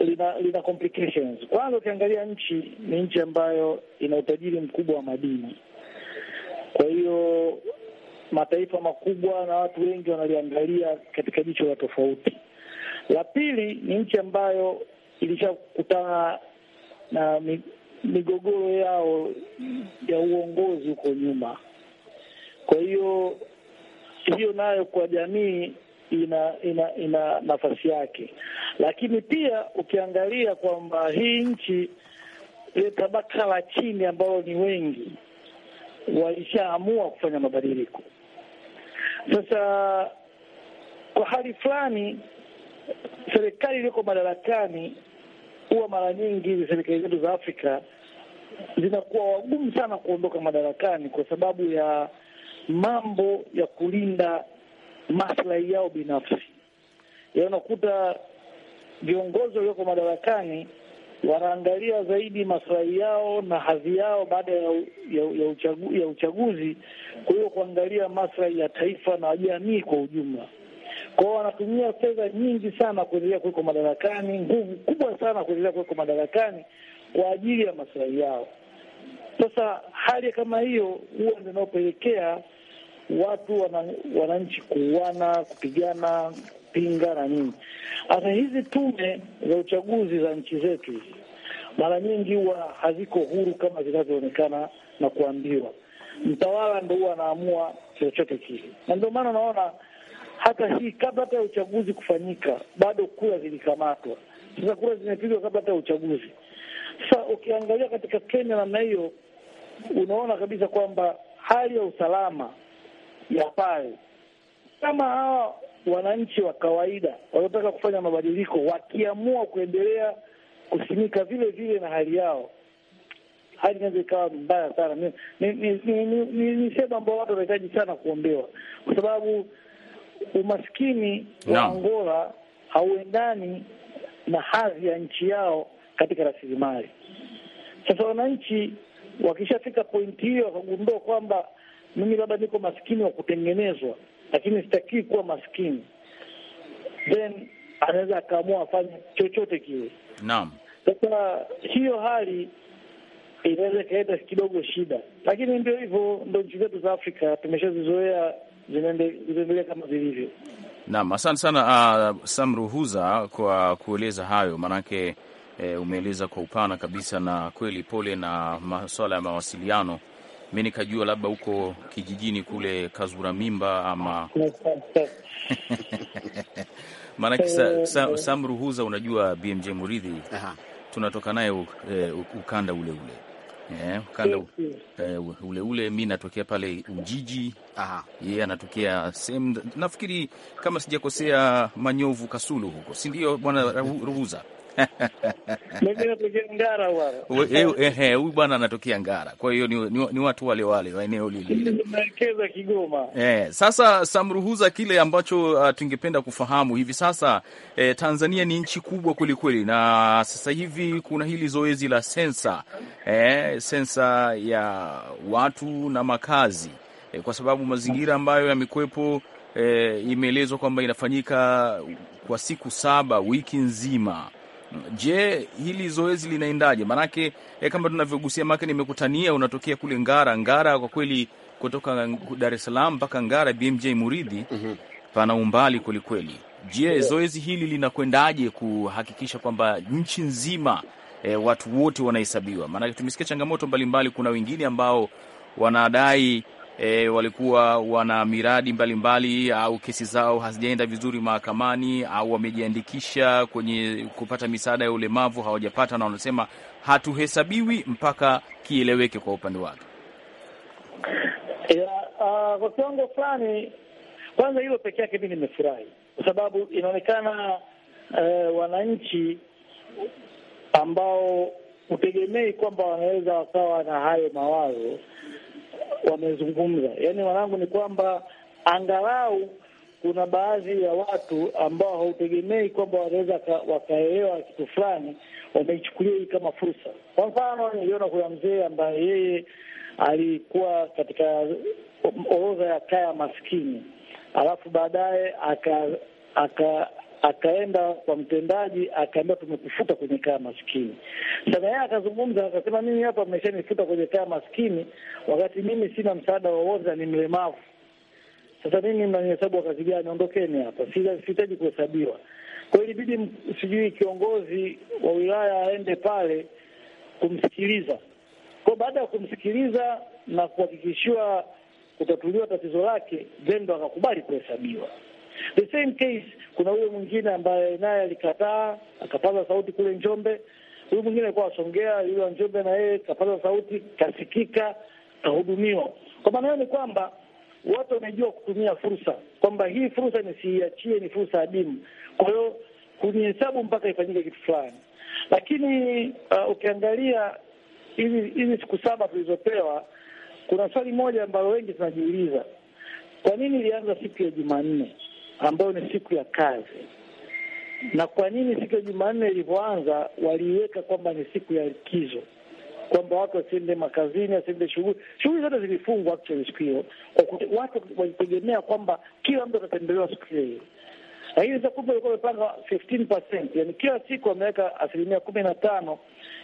lina lina complications. Kwanza ukiangalia nchi ni nchi ambayo ina utajiri mkubwa wa madini, kwa hiyo mataifa makubwa na watu wengi wanaliangalia katika jicho la tofauti. La pili ni nchi ambayo ilishakutana na migogoro yao ya uongozi huko nyuma, kwa hiyo hiyo nayo kwa jamii ina ina ina nafasi yake, lakini pia ukiangalia kwamba hii nchi ile eh, tabaka la chini ambalo ni wengi walishaamua kufanya mabadiliko. Sasa kwa hali fulani, serikali iliyoko madarakani huwa mara nyingi hizi serikali zetu za Afrika zinakuwa wagumu sana kuondoka madarakani kwa sababu ya mambo ya kulinda maslahi yao binafsi. Yaani unakuta viongozi walioko madarakani wanaangalia zaidi maslahi yao na hadhi yao baada ya, ya, ya, uchagu, ya uchaguzi hiyo kuangalia maslahi ya taifa na jamii kwa ujumla. Kwa hiyo wanatumia fedha nyingi sana kuendelea kuweko madarakani, nguvu kubwa sana kuendelea kuweko madarakani kwa ajili ya maslahi yao. Sasa hali kama hiyo huwa ndio inayopelekea watu wana, wananchi kuuana, kupigana, kupinga na nini. Hata hizi tume za uchaguzi za nchi zetu mara nyingi huwa haziko huru kama zinavyoonekana na kuambiwa. Mtawala ndo huwa anaamua chochote kile, na ndio maana unaona hata hii kabla hata ya uchaguzi kufanyika bado kura zilikamatwa. Sasa kura zimepigwa kabla hata ya uchaguzi. Sasa ukiangalia katika Kenya namna hiyo, unaona kabisa kwamba hali ya usalama ya pale. Kama hawa wananchi wa kawaida waliotaka kufanya mabadiliko wakiamua kuendelea kusimika vile vile na hali yao, hali inaweza ikawa mbaya sana. Ni, ni, ni, ni, ni, ni, ni sehemu ambao watu wanahitaji sana kuombewa, kwa sababu umaskini wa no. Angola hauendani na hadhi ya nchi yao katika rasilimali. Sasa wananchi wakishafika pointi hiyo wakagundua kwamba mimi labda niko maskini wa kutengenezwa, lakini sitakii kuwa maskini, then anaweza akaamua afanye chochote kile. Naam, sasa hiyo hali inaweza ikaleta kidogo shida, lakini ndio hivyo, ndo nchi zetu za Afrika tumeshazizoea, zinaendelea kama zilivyo. Naam, asante sana uh, ah, Samruhuza kwa kueleza hayo maanake E, umeeleza kwa upana kabisa na kweli, pole na masuala ya mawasiliano mi nikajua labda huko kijijini kule kazura mimba ama maanake sa, eh, sa, eh. Sam Ruhuza, unajua BMJ Muridhi, tunatoka naye eh, ukanda ule ule Yeah, ukanda uh, ule ule mi natokea pale Ujiji yeye yeah, anatokea sehemu nafikiri kama sijakosea Manyovu Kasulu huko, si ndio bwana Ruhuza? mimi natokea Ngara bwana. Eh, eh, eh, huyu bwana anatokea Ngara, kwa hiyo ni, ni, ni watu wale wale wa eneo lile Kigoma. Eh, sasa Samruhuza, kile ambacho uh, tungependa kufahamu hivi sasa eh, Tanzania ni nchi kubwa kwelikweli, na sasa hivi kuna hili zoezi la sensa eh, sensa ya watu na makazi eh, kwa sababu mazingira ambayo yamekuwepo E, imeelezwa kwamba inafanyika kwa siku saba wiki nzima. Je, hili zoezi linaendaje? Maanake eh, kama tunavyogusia, maake nimekutania, unatokea kule Ngara. Ngara kwa kweli, kutoka Dar es Salaam mpaka Ngara, BMJ Muridhi, mm -hmm. pana umbali kwelikweli. Je, zoezi hili linakwendaje kuhakikisha kwamba nchi nzima E, watu wote wanahesabiwa, maanake tumesikia changamoto mbalimbali mbali. Kuna wengine ambao wanadai e, walikuwa wana miradi mbalimbali au kesi zao hazijaenda vizuri mahakamani au wamejiandikisha kwenye kupata misaada ya ulemavu hawajapata, na wanasema hatuhesabiwi mpaka kieleweke kwa upande wake. Ah, kwa kiwango fulani, kwanza hilo peke yake mi nimefurahi kwa sababu inaonekana uh, wananchi ambao hutegemei kwamba wanaweza wakawa na hayo mawazo wamezungumza. Yaani mwanangu, ni kwamba angalau kuna baadhi ya watu ambao hautegemei kwamba wanaweza wakaelewa kitu fulani, wameichukulia hii kama fursa. Kwa mfano, niliona kuna mzee ambaye yeye alikuwa katika orodha ya kaya maskini, alafu baadaye aka- aka akaenda kwa mtendaji akaambia tumekufuta kwenye kaya maskini. Sasa yeye akazungumza akasema, mimi hapa ameshanifuta kwenye kaya maskini, wakati mimi sina msaada wowote, ni mlemavu. Sasa mimi mnanihesabu wakazi gani? Ondokeni hapa, sihitaji kuhesabiwa. Kwa hiyo ilibidi sijui kiongozi wa wilaya aende pale kumsikiliza. Kwa baada ya kumsikiliza na kuhakikishiwa kutatuliwa tatizo lake, then ndo akakubali kuhesabiwa. The same case, kuna huyo mwingine ambaye naye alikataa akapaza sauti kule Njombe. Huyu mwingine alikuwa asongea yule wa Njombe, na yeye kapaza sauti, kasikika, kahudumiwa. Kwa maana hiyo ni kwamba watu wamejua kutumia fursa, kwamba hii fursa nisiiachie, ni fursa adimu, kwa hiyo kunihesabu mpaka ifanyike kitu fulani. Lakini uh, ukiangalia hizi hizi siku saba tulizopewa, kuna swali moja ambalo wengi tunajiuliza, kwa nini ilianza siku ya Jumanne? ambayo ni siku ya kazi. Na kwa nini siku ya Jumanne ilivyoanza waliiweka kwamba ni siku ya likizo, kwamba watu wasiende makazini, wasiende shughuli, shughuli zote zilifungwa actually siku hiyo, kwa watu walitegemea kwamba kila mtu atatembelewa siku hiyo hiyo lakini sasa kumbe walikuwa wamepanga 15%, yani kila siku wameweka asilimia kumi na tano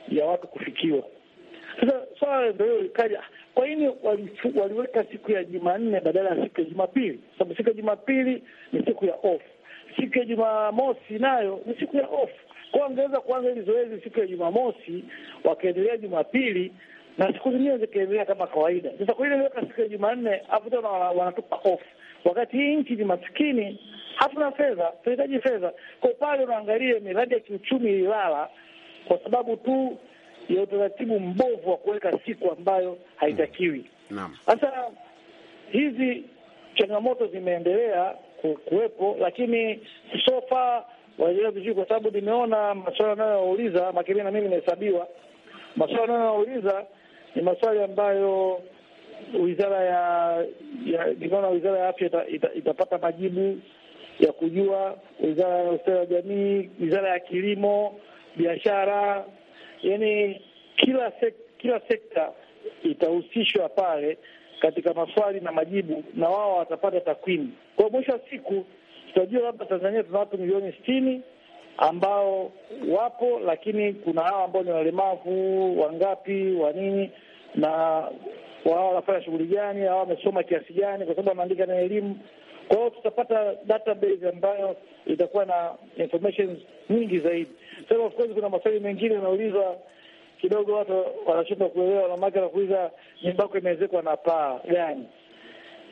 ya watu kufikiwa. Sasa swala la dhehebu likaja, kwa nini waliweka siku ya Jumanne badala ya siku ya Jumapili? Sababu siku ya Jumapili ni siku ya off, siku ya Jumamosi nayo ni siku ya off. Kwa wangeweza kuanza hili zoezi siku ya Jumamosi wakaendelea Jumapili na siku zingine zikaendelea kama kawaida. Sasa kwa ile waliweka siku ya Jumanne afu tena wanatupa off, wakati hii nchi ni maskini, hatuna fedha, tunahitaji fedha. Kwa pale unaangalia miradi ya kiuchumi ililala kwa sababu tu ya utaratibu mbovu wa kuweka siku ambayo haitakiwi. Mm. Sasa mm. hizi changamoto zimeendelea kuwepo, lakini so far waendelea vizuri, kwa sababu nimeona maswali anayoyauliza makini, na mimi nimehesabiwa, maswali anayoyauliza ni maswali ambayo wizara ya nikaona wizara ya afya ita, ita, itapata majibu ya kujua, wizara ya ustawi wa jamii, wizara ya kilimo, biashara yani kila sek, kila sekta itahusishwa pale katika maswali na majibu, na wao watapata takwimu. Kwa mwisho wa siku tutajua labda Tanzania tuna watu milioni sitini ambao wapo, lakini kuna hawa ambao ni walemavu wangapi, wa nini, na wao wanafanya shughuli gani, hawa wamesoma kiasi gani, kwa sababu wanaandika na elimu kwa hiyo tutapata database ambayo itakuwa na information nyingi zaidi. Sasa of course kuna maswali mengine yanaulizwa kidogo watu wanashindwa kuelewa, maana kuuliza nyumba yako imewezekwa na paa gani?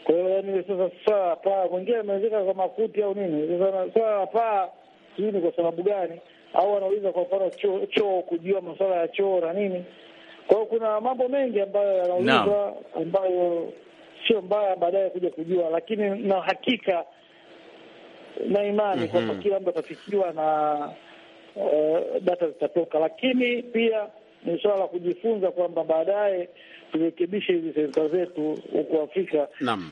Kwa hiyo yani, sasa saa paa mwingine amewezeka kwa makuti au nini, sasa saa paa hii ni kwa sababu gani, au wanauliza kwa mfano choo cho, kujua masuala ya choo na nini. Kwa hiyo kuna mambo mengi ambayo yanaulizwa ambayo sio mbaya baadaye kuja kujua, lakini na hakika na imani mm -hmm. kwamba kila mtu atafikiwa na uh, data zitatoka, lakini pia ni suala la kujifunza kwamba baadaye turekebishe hizi sensa zetu huko Afrika,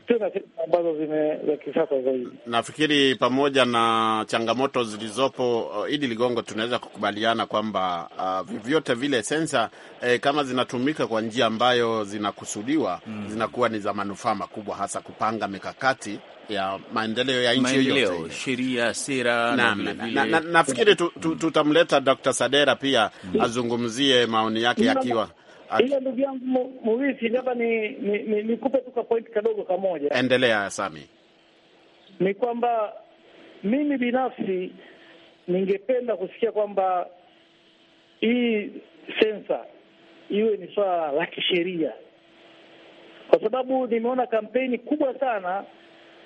tena sekta ambazo zime za kisasa zaidi. Nafikiri pamoja na changamoto zilizopo, uh, Idi Ligongo, tunaweza kukubaliana kwamba uh, vyovyote vile sensa eh, kama zinatumika kwa njia ambayo zinakusudiwa mm, zinakuwa ni za manufaa makubwa, hasa kupanga mikakati ya maendeleo ya nchi hiyo, sheria, sera na nafikiri na, na, na, na, na, tutamleta tu, tu, Dr. Sadera pia mm, azungumzie maoni yake yakiwa Ila ndugu yangu Murithi, labda ni nikupe ni, ni tu point kadogo kamoja. Endelea Sami. Ni kwamba mimi binafsi ningependa kusikia kwamba hii sensa iwe ni swala la kisheria, kwa sababu nimeona kampeni kubwa sana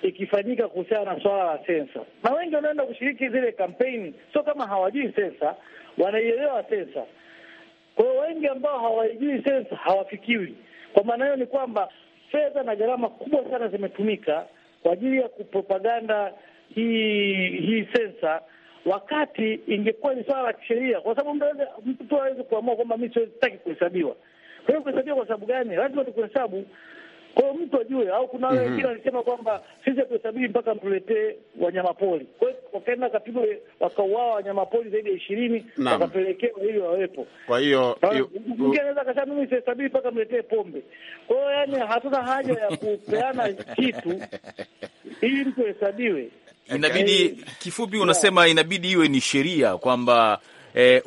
ikifanyika kuhusiana na swala la sensa, na wengi wanaenda kushiriki zile kampeni, sio kama hawajui sensa, wanaielewa sensa kwa hiyo wengi ambao hawaijui sensa hawafikiwi. Kwa maana hiyo ni kwamba fedha na gharama kubwa sana zimetumika kwa ajili ya kupropaganda hii hii sensa, wakati ingekuwa ni swala la kisheria, kwa sababu mtu tu hawezi kuamua kwamba mi sitaki kuhesabiwa. Kwa hiyo kuhesabiwa kwa sababu gani? Lazima tukuhesabu. Kwa hiyo mtu ajue, au kuna mhm. wengine mm -hmm. walisema kwamba sisi hatuhesabii mpaka mtuletee wanyamapori. Kwa hiyo wakaenda wakapigwa, wakauawa wanyamapori zaidi ya ishirini, wakapelekewa ili wawepo. Kwa hiyo mtu anaweza akasema mimi sihesabii mpaka mletee pombe. Kwa hiyo yani, hatuna haja ya kupeana kitu ili mtu ahesabiwe. Inabidi yaani, kifupi, unasema inabidi iwe ni sheria kwamba E,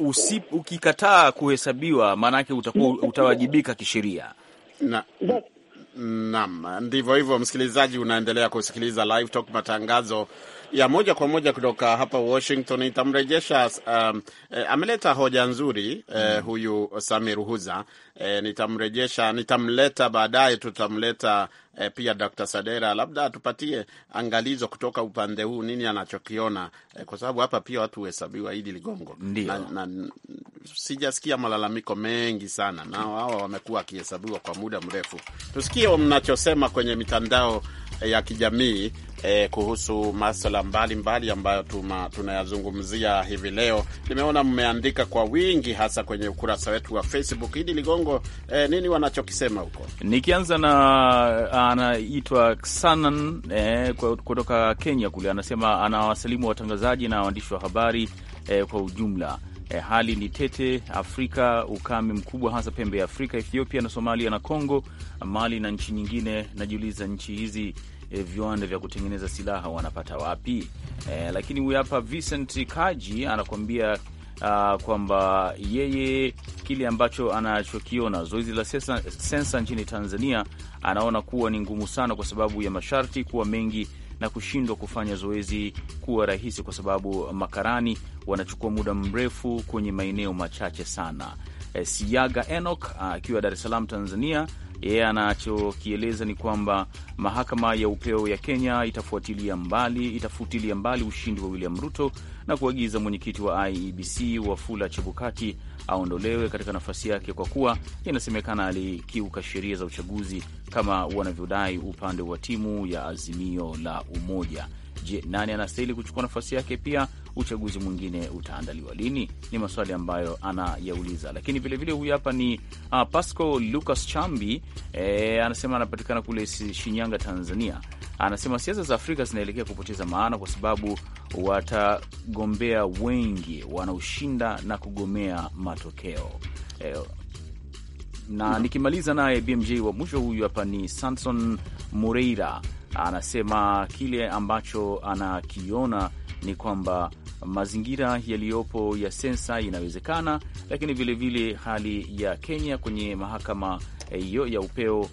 ukikataa kuhesabiwa maanake utakuwa utawajibika kisheria na Naam, ndivyo hivyo, msikilizaji, unaendelea kusikiliza Live Talk, matangazo ya moja kwa moja kutoka hapa Washington. Nitamrejesha um, e, ameleta hoja nzuri e, huyu Samir Huza e, nitamrejesha, nitamleta baadaye, tutamleta e, pia Dr. Sadera labda atupatie angalizo kutoka upande huu, nini anachokiona e, kwa sababu hapa pia watu huhesabiwa Idi Ligongo na, na, sijasikia malalamiko mengi sana, na hawa wamekuwa wakihesabiwa kwa muda mrefu. Tusikie mnachosema kwenye mitandao eh, ya kijamii eh, kuhusu maswala mbalimbali ambayo tunayazungumzia hivi leo. Nimeona mmeandika kwa wingi, hasa kwenye ukurasa wetu wa Facebook. Idi Ligongo, eh, nini wanachokisema huko? Nikianza na uh, anaitwa Sanan eh, kutoka Kenya kule, anasema anawasalimu watangazaji na waandishi wa habari eh, kwa ujumla. Eh, hali ni tete Afrika, ukame mkubwa hasa pembe ya Afrika, Ethiopia na Somalia na congo Mali na nchi nyingine. Najiuliza nchi hizi e, viwanda vya kutengeneza silaha wanapata wapi? E, lakini huyu hapa Vincent Kaji anakuambia uh, kwamba yeye kile ambacho anachokiona zoezi la sensa, sensa nchini Tanzania anaona kuwa ni ngumu sana kwa sababu ya masharti kuwa mengi na kushindwa kufanya zoezi kuwa rahisi kwa sababu makarani wanachukua muda mrefu kwenye maeneo machache sana. E, Siaga Enoch ah, akiwa Dar es Salaam Tanzania, yeye anachokieleza ni kwamba mahakama ya upeo ya Kenya itafuatilia mbali itafutilia mbali ushindi wa William Ruto na kuagiza mwenyekiti wa IEBC Wafula Chebukati aondolewe katika nafasi yake kwa kuwa inasemekana alikiuka sheria za uchaguzi kama wanavyodai upande wa timu ya Azimio la Umoja. Je, nani anastahili kuchukua nafasi yake? Pia uchaguzi mwingine utaandaliwa lini? Ni maswali ambayo anayauliza. Lakini vilevile huyu hapa ni uh, Pasco Lucas Chambi e, anasema anapatikana kule Shinyanga, Tanzania. Anasema siasa za Afrika zinaelekea kupoteza maana kwa sababu watagombea wengi wanaoshinda na kugomea matokeo e, na nikimaliza naye BMJ wa mwisho huyu hapa ni Samson Mureira anasema kile ambacho anakiona ni kwamba mazingira yaliyopo ya sensa inawezekana, lakini vilevile vile hali ya Kenya kwenye mahakama eh, hiyo ya upeo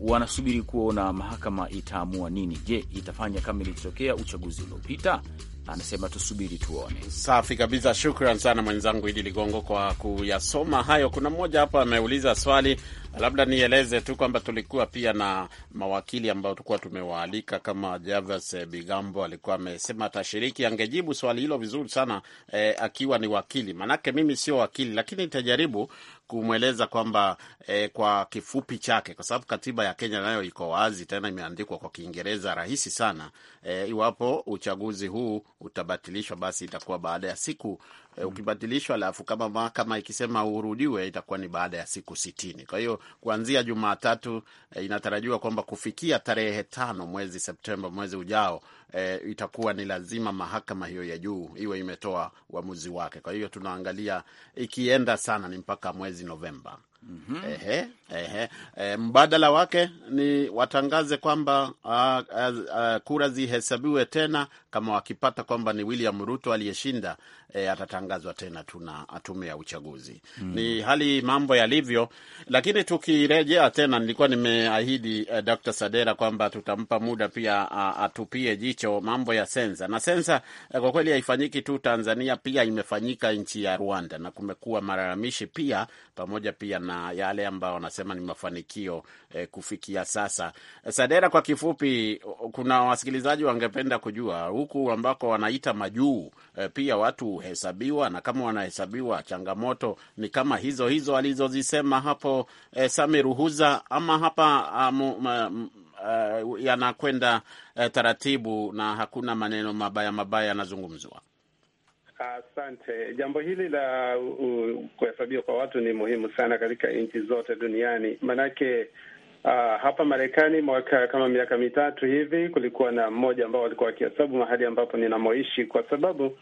wanasubiri kuona mahakama itaamua nini. Je, itafanya kama ilitokea uchaguzi uliopita? anasema tusubiri tuone. Safi kabisa, shukran sana mwenzangu Idi Ligongo kwa kuyasoma hayo. Kuna mmoja hapa ameuliza swali, labda nieleze tu kwamba tulikuwa pia na mawakili ambao tulikuwa tumewaalika kama Javas eh, Bigambo alikuwa amesema atashiriki, angejibu swali hilo vizuri sana eh, akiwa ni wakili, manake mimi sio wakili, lakini nitajaribu kumweleza kwamba eh, kwa kifupi chake, kwa sababu katiba ya Kenya nayo iko wazi, tena imeandikwa kwa Kiingereza rahisi sana eh, iwapo uchaguzi huu utabatilishwa, basi itakuwa baada ya siku hmm, ukibatilishwa, alafu kama mahakama ikisema urudiwe, itakuwa ni baada ya siku sitini. Kwa hiyo kuanzia Jumatatu eh, inatarajiwa kwamba kufikia tarehe tano mwezi Septemba, mwezi ujao e, itakuwa ni lazima mahakama hiyo ya juu iwe imetoa uamuzi wake. Kwa hiyo tunaangalia, ikienda sana ni mpaka mwezi Novemba. Mm -hmm. Ehe, ehe. E, mbadala wake ni watangaze kwamba a, ah, a, ah, a, ah, kura zihesabiwe tena. Kama wakipata kwamba ni William Ruto aliyeshinda, e, atatangazwa tena tuna tume ya uchaguzi mm. Ni hali mambo yalivyo, lakini tukirejea tena, nilikuwa nimeahidi eh, Dr. Sadera kwamba tutampa muda pia a, atupie jicho mambo ya sensa na sensa eh, kwa kweli haifanyiki tu Tanzania, pia imefanyika nchi ya Rwanda na kumekuwa malalamishi pia, pamoja pia na yale ambayo wanasema ni mafanikio eh, kufikia sasa. Sadera, kwa kifupi, kuna wasikilizaji wangependa kujua huku ambako wanaita majuu eh, pia watu kuhesabiwa, na kama wanahesabiwa, changamoto ni kama hizo hizo alizozisema hapo e, eh, Sami Ruhuza, ama hapa um, uh, yanakwenda uh, taratibu na hakuna maneno mabaya mabaya yanazungumzwa. Asante. Jambo hili la kuhesabiwa kwa watu ni muhimu sana katika nchi zote duniani, maanake Uh, ah, hapa Marekani mwaka kama miaka mitatu hivi kulikuwa na mmoja ambao walikuwa wakihesabu mahali ambapo ninamoishi, kwa sababu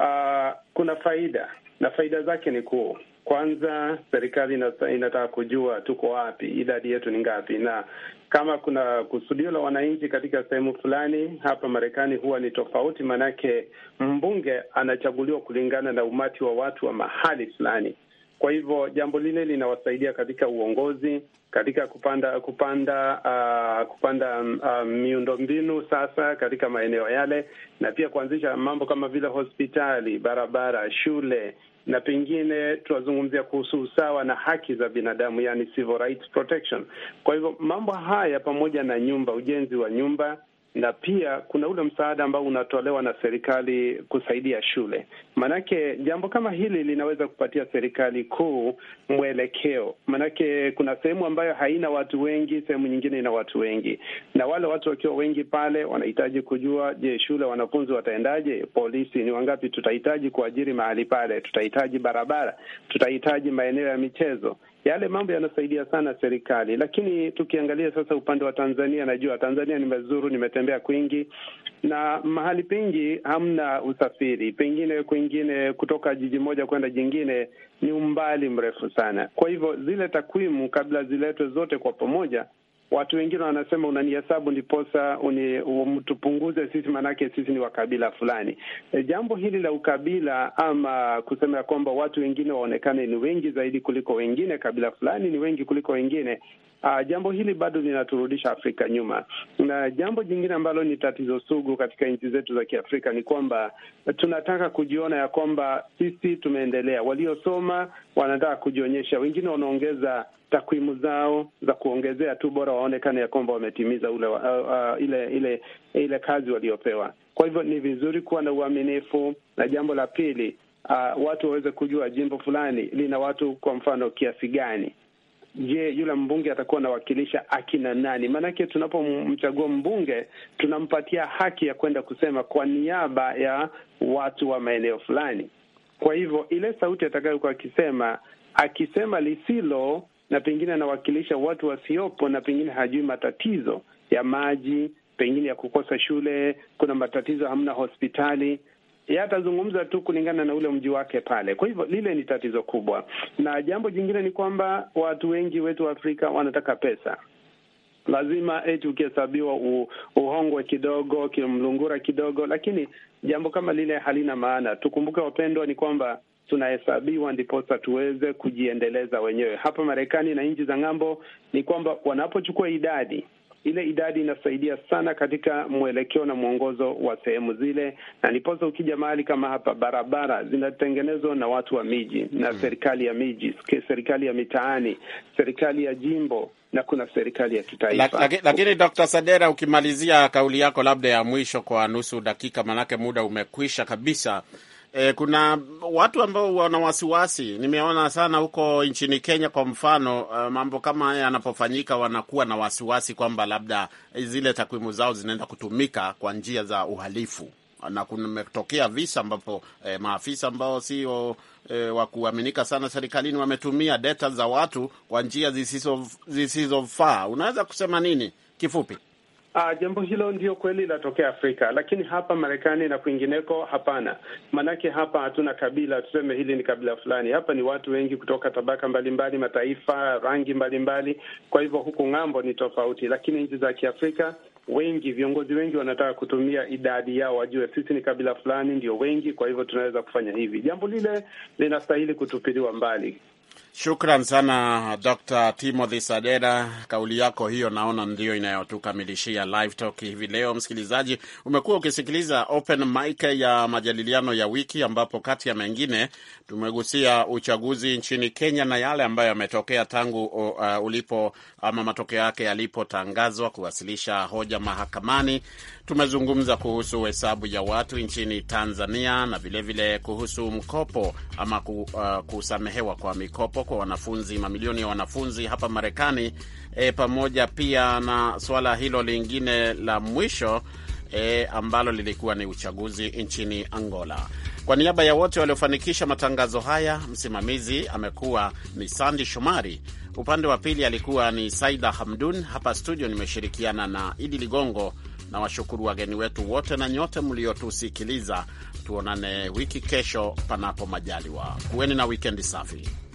Uh, kuna faida na faida zake ni kuu. Kwanza, serikali inataka kujua tuko wapi, idadi yetu ni ngapi, na kama kuna kusudio la wananchi katika sehemu fulani. Hapa Marekani huwa ni tofauti, maanake mbunge anachaguliwa kulingana na umati wa watu wa mahali fulani. Kwa hivyo jambo lile linawasaidia katika uongozi, katika kupanda kupanda uh, kupanda um, ah, miundombinu sasa katika maeneo yale, na pia kuanzisha mambo kama vile hospitali, barabara, shule na pengine tunazungumzia kuhusu usawa na haki za binadamu, yani civil rights protection. Kwa hivyo mambo haya pamoja na nyumba, ujenzi wa nyumba na pia kuna ule msaada ambao unatolewa na serikali kusaidia shule. Maanake jambo kama hili linaweza kupatia serikali kuu mwelekeo, maanake kuna sehemu ambayo haina watu wengi, sehemu nyingine ina watu wengi, na wale watu wakiwa wengi pale wanahitaji kujua, je, shule wanafunzi wataendaje? Polisi ni wangapi tutahitaji kuajiri mahali pale? Tutahitaji barabara, tutahitaji maeneo ya michezo yale mambo yanasaidia sana serikali. Lakini tukiangalia sasa upande wa Tanzania, najua Tanzania nimezuru, nimetembea kwingi, na mahali pengi hamna usafiri, pengine kwingine kutoka jiji moja kwenda jingine ni umbali mrefu sana. Kwa hivyo zile takwimu kabla ziletwe zote kwa pamoja watu wengine wanasema unanihesabu ndiposa uni, mtupunguze sisi, maanake sisi ni wakabila fulani. E, jambo hili la ukabila ama kusema ya kwamba watu wengine waonekane ni wengi zaidi kuliko wengine, kabila fulani ni wengi kuliko wengine, Uh, jambo hili bado linaturudisha Afrika nyuma, na jambo jingine ambalo ni tatizo sugu katika nchi zetu za Kiafrika ni kwamba tunataka kujiona ya kwamba sisi tumeendelea. Waliosoma wanataka kujionyesha, wengine wanaongeza takwimu zao za kuongezea tu, bora waonekane ya kwamba wametimiza ule, uh, uh, ile ile ile kazi waliopewa. Kwa hivyo ni vizuri kuwa na uaminifu, na jambo la pili, uh, watu waweze kujua jimbo fulani lina watu kwa mfano kiasi gani je, yule mbunge atakuwa anawakilisha akina nani? Maanake tunapomchagua mbunge tunampatia haki ya kwenda kusema kwa niaba ya watu wa maeneo fulani. Kwa hivyo ile sauti atakayokuwa akisema, akisema lisilo na pengine anawakilisha watu wasiopo, na pengine hajui matatizo ya maji, pengine ya kukosa shule, kuna matatizo hamna hospitali yeye atazungumza tu kulingana na ule mji wake pale. Kwa hivyo lile ni tatizo kubwa, na jambo jingine ni kwamba watu wengi wetu wa Afrika wanataka pesa lazima eti ukihesabiwa uhongwe kidogo, kimlungura kidogo, lakini jambo kama lile halina maana. Tukumbuke wapendwa, ni kwamba tunahesabiwa ndiposa tuweze kujiendeleza wenyewe. Hapa Marekani na nchi za ng'ambo ni kwamba wanapochukua idadi ile idadi inasaidia sana katika mwelekeo na mwongozo wa sehemu zile, na niposa ukija mahali kama hapa, barabara zinatengenezwa na watu wa miji na hmm. serikali ya miji, serikali ya mitaani, serikali ya jimbo na kuna serikali ya kitaifa. Lakini Dr. Sadera, ukimalizia kauli yako labda ya mwisho kwa nusu dakika, manake muda umekwisha kabisa. E, kuna watu ambao wana wasiwasi, nimeona sana huko nchini Kenya kwa mfano. Uh, mambo kama haya yanapofanyika, wanakuwa na wasiwasi kwamba labda zile takwimu zao zinaenda kutumika kwa njia za uhalifu, na kumetokea visa ambapo eh, maafisa ambao sio eh, wa kuaminika sana serikalini wametumia data za watu kwa njia zisizofaa. Unaweza kusema nini kifupi? Uh, jambo hilo ndio kweli linatokea Afrika, lakini hapa Marekani na kwingineko hapana. Maanake hapa hatuna kabila tuseme hili ni kabila fulani. Hapa ni watu wengi kutoka tabaka mbalimbali, mataifa, rangi mbalimbali mbali. Kwa hivyo huku ng'ambo ni tofauti, lakini nchi za Kiafrika wengi viongozi wengi wanataka kutumia idadi yao, wajue sisi ni kabila fulani, ndio wengi, kwa hivyo tunaweza kufanya hivi. Jambo lile linastahili kutupiliwa mbali. Shukran sana Dr. Timothy Sadera, kauli yako hiyo naona ndio inayotukamilishia live talk hivi leo. Msikilizaji, umekuwa ukisikiliza open mic ya majadiliano ya wiki, ambapo kati ya mengine tumegusia uchaguzi nchini Kenya na yale ambayo yametokea tangu uh, ulipo ama matokeo yake yalipotangazwa, kuwasilisha hoja mahakamani. Tumezungumza kuhusu hesabu ya watu nchini Tanzania na vilevile kuhusu mkopo ama ku, uh, kusamehewa kwa mikopo kuwepo kwa wanafunzi, mamilioni ya wanafunzi hapa Marekani, e, pamoja pia na suala hilo lingine la mwisho e, ambalo lilikuwa ni uchaguzi nchini Angola. Kwa niaba ya wote waliofanikisha matangazo haya, msimamizi amekuwa ni Sandi Shomari, upande wa pili alikuwa ni Saida Hamdun. Hapa studio nimeshirikiana na Idi Ligongo na washukuru wageni wetu wote na nyote mliotusikiliza. Tuonane wiki kesho, panapo majaliwa. Kuweni na wikendi safi.